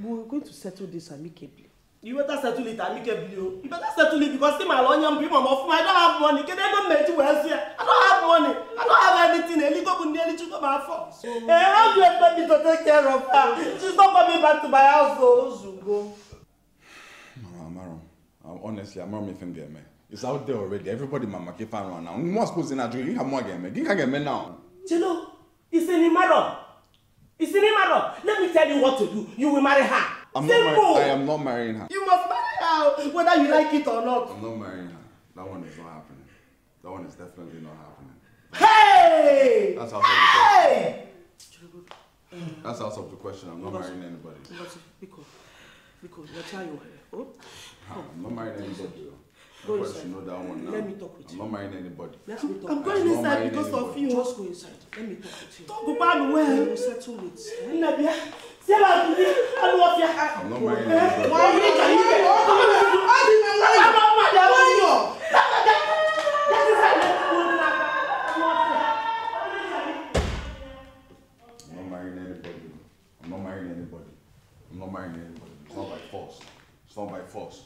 We're going to settle this amicably you better settle it amicably o oh. you better settle it because still my onion be mama fun i don't have money kede no meji well see i don't have money i don't have anything eligo bu ndi elichu go my fault how do you expect me to take care of her She she's not coming back to my house o oh, zugo. mama amaron honestly amaron ife nga eme it's out there already everybody mama keep am around now nwa suppose na jiri nka mwa ga-eme gị nka ga-eme now. jelo isini maron isini maron let me tell you what to do you will marry her. I'm Simple. Not I am not marrying her. You must marry her, whether you like it or not. I'm not marrying her. That one is not happening. That one is definitely not happening. Hey! That's out hey! the question. That's out of the question. I'm not marrying anybody. Because, because you're trying your hair. Oh. Ah, I'm not marrying anybody. Go no inside. You know that one now. Let me talk with I'm you. I'm not marrying anybody. Let me talk. I'm going I'm inside because anybody. of you. Just go inside. Let me talk with you. Talk about well. We will settle it. Eh? I am not marrying anybody. I'm not marrying anybody. I'm not marrying anybody. It's not by force. It's not by force.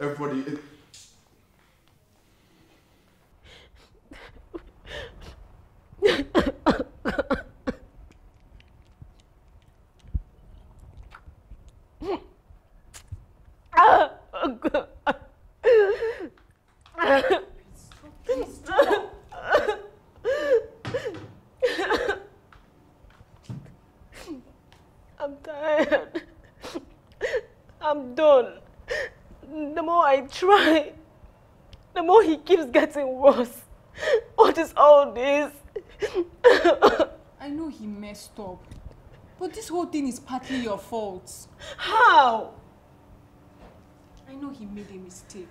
Everybody. worse. What is all this? I know he messed up. But this whole thing is partly your fault. How? I know he made a mistake.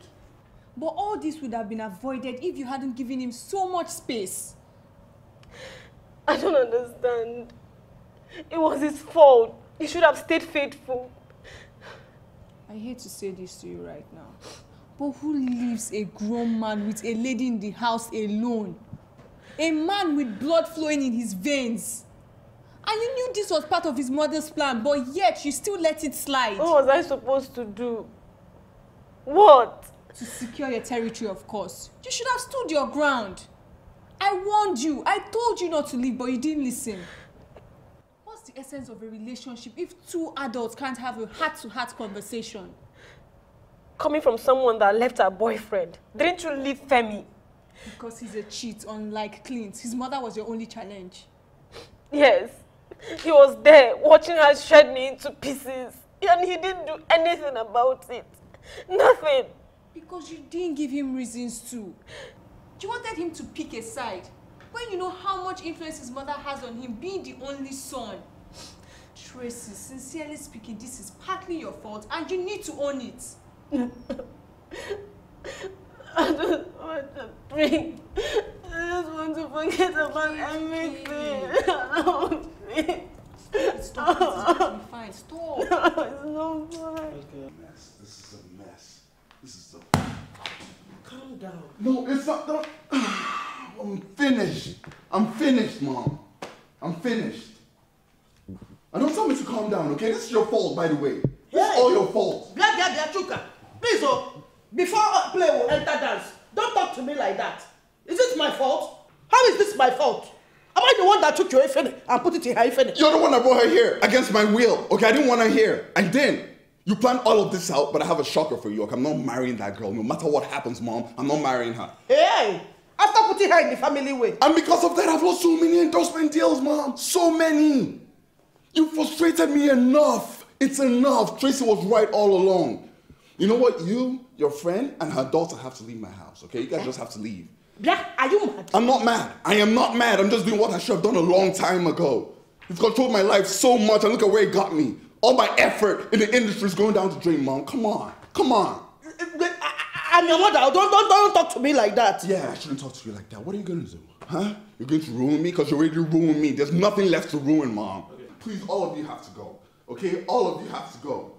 But all this would have been avoided if you hadn't given him so much space. I don't understand. It was his fault. He should have stayed faithful. I hate to say this to you right now. But who leaves a grown man with a lady in the house alone? A man with blood flowing in his veins. And you knew this was part of his mother's plan, but yet you still let it slide. What was I supposed to do? What? To secure your territory, of course. You should have stood your ground. I warned you. I told you not to leave, but you didn't listen. What's the essence of a relationship if two adults can't have a heart-to-heart conversation? coming from someone that left her boyfriend. Didn't you leave Femi? Because he's a cheat, unlike Clint. His mother was your only challenge. Yes. He was there watching her shred me into pieces. And he didn't do anything about it. Nothing. Because you didn't give him reasons to. You wanted him to pick a side. When you know how much influence his mother has on him being the only son. Tracy, sincerely speaking, this is partly your fault and you need to own it. I just want to drink. I just want to forget about everything. Stop please. Stop. It's fine. Stop. No, it's not fine. Okay. Mess. This is a mess. This is a. Calm down. No, it's not. The... I'm finished. I'm finished, mom. I'm finished. I don't tell me to calm down, okay? This is your fault, by the way. This hey. all your fault. Blah blah blah, chuka. please oh before uh, play will oh, enter dance don't talk to me like that is it my fault how is this my fault am i the one that took your ifene and put it in her ifene. you're the one that brought her here against my will okay i didn't want her here and then you planned all of this out but i have a shocker for you okay i'm not marrying that girl no matter what happens mom i'm not marrying her. hey after putting her in the family way. and because of that i've lost so many endorsement deals mom so many you frustrated me enough it's enough tracy was right all along. You know what? You, your friend, and her daughter have to leave my house, okay? You guys just have to leave. Black, are you mad? I'm not mad. I am not mad. I'm just doing what I should have done a long time ago. You've controlled my life so much, and look at where it got me. All my effort in the industry is going down to drain, mom. Come on. Come on. I'm your mother. Don't, don't, don't talk to me like that. Yeah, I shouldn't talk to you like that. What are you going to do? Huh? You're going to ruin me? Because you already ruined me. There's nothing left to ruin, mom. Okay. Please, all of you have to go. Okay? All of you have to go.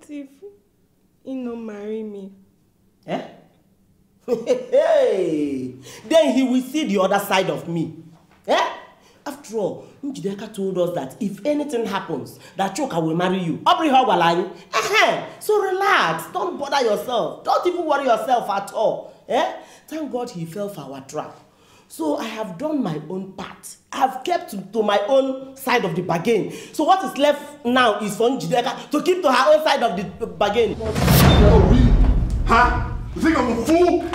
What if he no marry me? Eh? hey! Then he will see the other side of me. Eh? After all, Njideka told us that if anything happens, that Choka will marry you. Aubrey Hogwalani. Eh? So relax. Don't bother yourself. Don't even worry yourself at all. Eh? Thank God he fell for our trap. So I have done my own part. I have kept to, to my own side of the bargain. So what is left now is for Njideka to keep to her own side of the bargain. Oh, really? Huh? You think I'm a fool?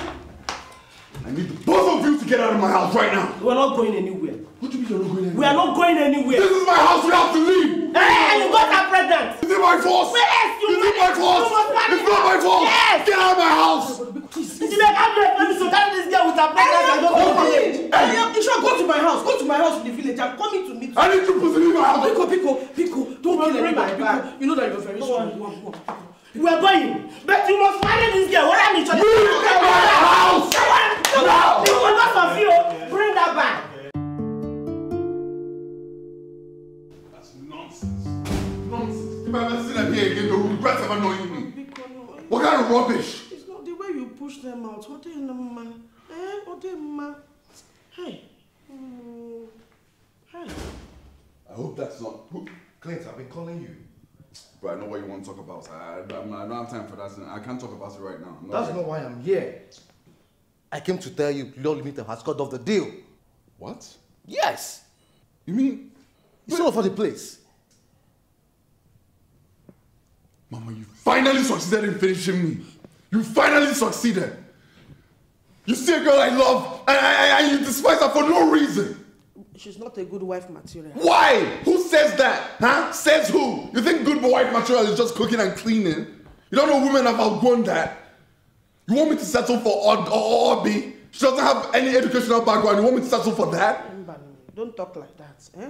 I need the both of you to get out of my house right now. We're not going anywhere. What do you mean you're not going anywhere? We are not going anywhere. This is my house, we have to leave. Hey, you got her pregnant. Is it my fault? Yes, you Is it my fault? It's not my fault. Yes. Get out of my house. Please. It's like, I'm not going to carry this girl with her pregnant. I don't know. Hey, Isha, go to my house. Go to my house in the village. I'm coming to meet you. I need you to leave my house. Pico, Pico, Pico. Don't kill anybody, Pico. You know that you're very strong. Go on, go on. We are going, but you must marry this girl. What are you am I? Leave my house! Now! You will not fulfill. Bring that back. ever knowing me. What kind of rubbish? It's not the way you push them out. What in the man? Eh? What in man? Hey. Mm, hey. I hope that's not. Clint, I've been calling you. But I know what you want to talk about. I, I'm, I don't have time for that. I can't talk about it right now. that's right. not why I'm here. I came to tell you Lord Limited has cut off the deal. What? Yes. You mean? It's all over the place. Mama, you finally succeeded in finishing me. You finally succeeded. You see a girl I love and, I, I, you despise her for no reason. She's not a good wife material. Why? Who says that? Huh? Says who? You think good wife material is just cooking and cleaning? You don't know women have outgrown that. You want me to settle for Obi? She doesn't have any educational background. You want me to settle for that? Don't talk like that. Eh?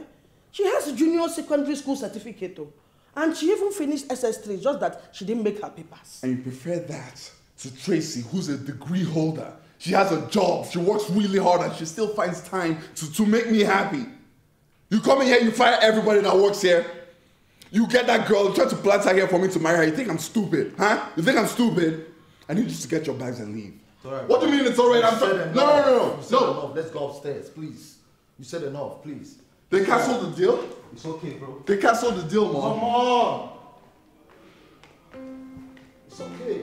She has a junior secondary school certificate. Though. And she even finished SS3, just that she didn't make her papers. And you prefer that to Tracy, who's a degree holder. She has a job, she works really hard, and she still finds time to, to make me happy. You come in here, you fire everybody that works here. You get that girl, try to plant her here for me to marry her. You think I'm stupid, huh? You think I'm stupid? I need you to get your bags and leave. Right, what do you mean it's alright? I'm sorry. No, no, no, no. no. Enough. Let's go upstairs, please. You said enough, please. They cancelled the deal? It's okay, bro. They canceled the deal, man. Come on. It's okay.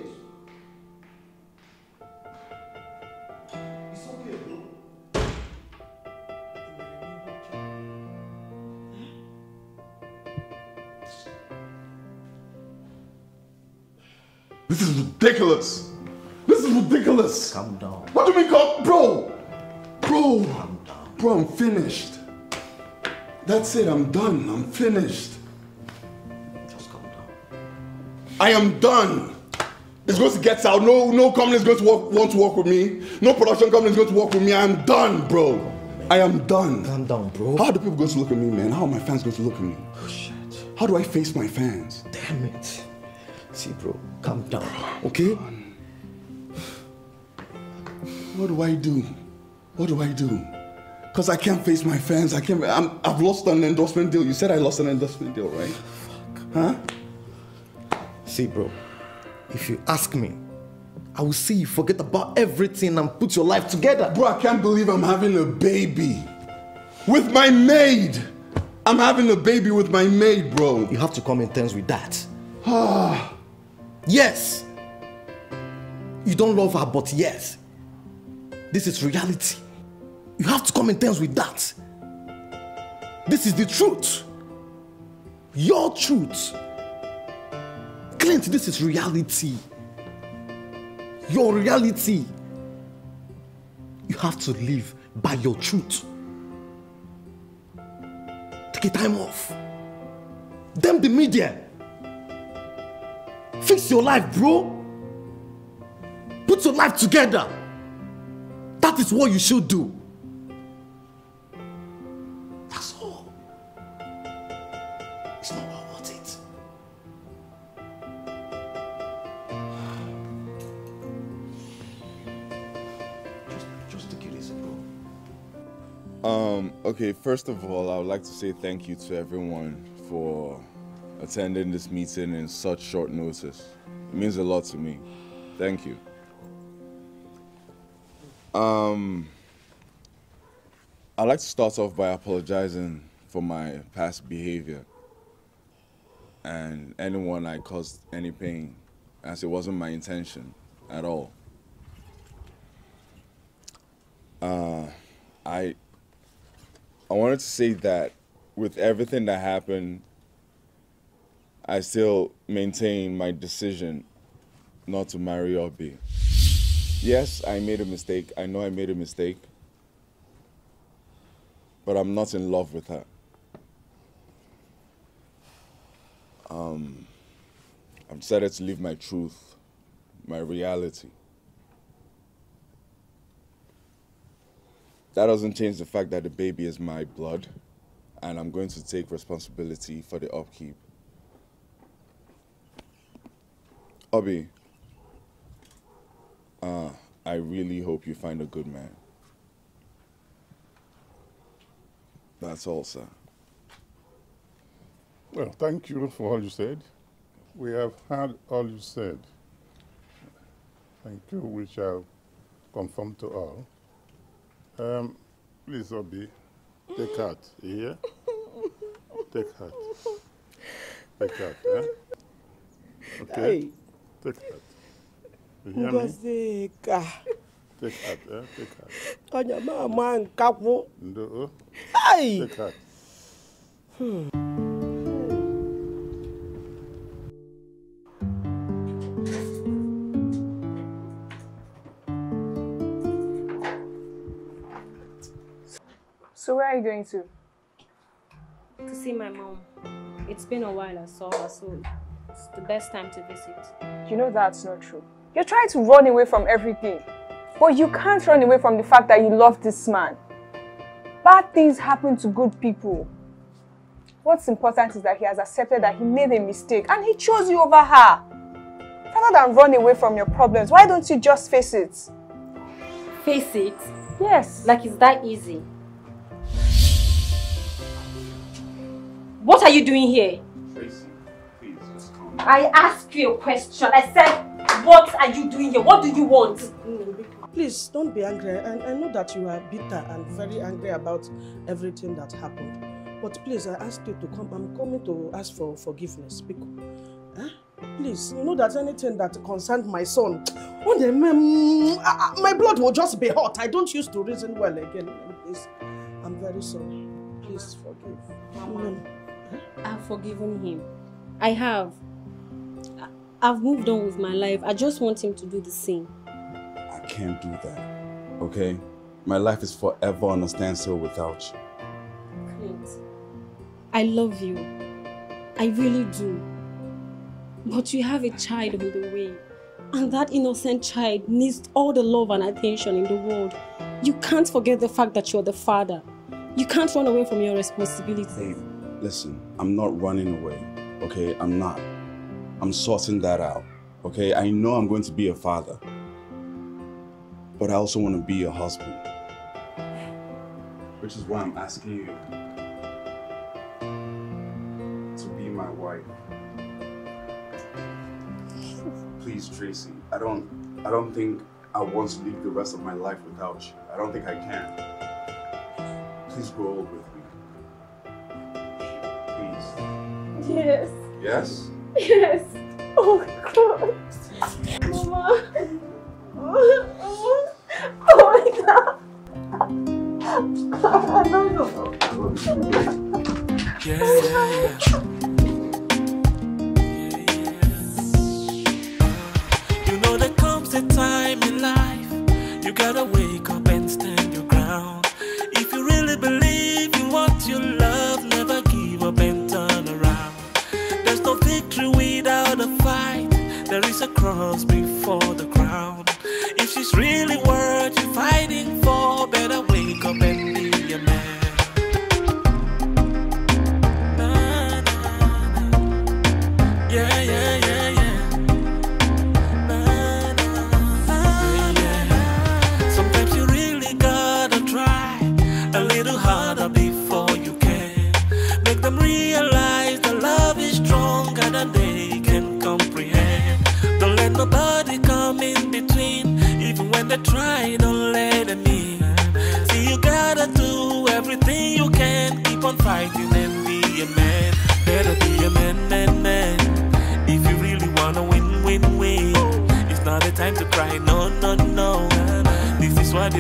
It's okay, bro. This is ridiculous. This is ridiculous. Calm down. What do you mean, calm? Bro! Bro! Calm down. Bro, I'm finished. That's it, I'm done, I'm finished. Just calm down. I am done. It's going to get out. No, no company is going to work, want to work with me. No production company is going to work with me. I am done, bro. I am done. Calm down, bro. How are the people going to look at me, man? How are my fans going to look at me? Oh, shit. How do I face my fans? Damn it. See, bro, calm down, okay? What do I do? What do I do? Because I can't face my fans. I can't. I'm, I've lost an endorsement deal. You said I lost an endorsement deal, right? Fuck. Huh? See, bro, if you ask me, I will see you forget about everything and put your life together. Bro, I can't believe I'm having a baby with my maid. I'm having a baby with my maid, bro. You have to come in terms with that. Ah. yes. You don't love her, but yes. This is reality. You have to come in terms with that. This is the truth. Your truth. Clint, this is reality. Your reality. You have to live by your truth. Take a time off. Damn the media. Fix your life, bro. Put your life together. That is what you should do. Um, okay, first of all, I would like to say thank you to everyone for attending this meeting in such short notice. It means a lot to me. Thank you. Um, I'd like to start off by apologizing for my past behavior and anyone I caused any pain, as it wasn't my intention at all. Uh, I I wanted to say that with everything that happened, I still maintain my decision not to marry Obi. Yes, I made a mistake. I know I made a mistake. But I'm not in love with her. Um, I'm set to live my truth, my reality. that doesn't change the fact that the baby is my blood and I'm going to take responsibility for the upkeep. Obi, uh, I really hope you find a good man. That's all, sir. Well, thank you for all you said. We have heard all you said. Thank you. We shall confirm to all. Um, please, Obi, take heart. You hear? Take heart. Take heart, eh? Okay? Hey. Take heart. You hear me? Take heart, eh? Take heart. Anya mama nkapo. Ndo. Oh. Hey. Take heart. Hmm. So where are you going to? To see my mom. It's been a while I saw her, so it's the best time to visit. You know that's not true. You're trying to run away from everything. But you can't run away from the fact that you love this man. Bad things happen to good people. What's important is that he has accepted that he made a mistake and he chose you over her. Rather than run away from your problems, why don't you just face it? Face it? Yes. Like it's that easy. What are you doing here? Tracy, please, just calm down. I asked you a question. I said, what are you doing here? What do you want? Please, don't be angry. I, I know that you are bitter and very angry about everything that happened. But please, I asked you to come. I'm coming to ask for forgiveness. huh? Eh? Please, you know that anything that concerns my son, my, my blood will just be hot. I don't used to reason well again. Please, I'm very sorry. Please forgive. Mama. Mm. I've forgiven him. I have. I've moved on with my life. I just want him to do the same. I can't do that, okay? My life is forever on a standstill without you. Clint, I love you. I really do. But you have a child on the way. And that innocent child needs all the love and attention in the world. You can't forget the fact that you're the father. You can't run away from your responsibilities. Hey listen, I'm not running away, okay? I'm not. I'm sorting that out, okay? I know I'm going to be a father, but I also want to be a husband, which is why I'm asking you to be my wife. Please, Tracy, I don't, I don't think I want to live the rest of my life without you. I don't think I can. Please grow old with Yes. Yes. Yes? Yes. Oh, God. Mama. Oh, my God. I don't know. Yeah. You know there comes a time in life you gotta wake up for the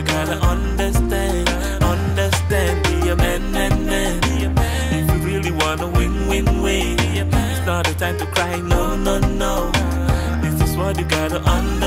gotta understand, understand, be a man, man, man. If you really wanna win, win, win, it's not a time to cry, no, no, no. This is what you gotta understand.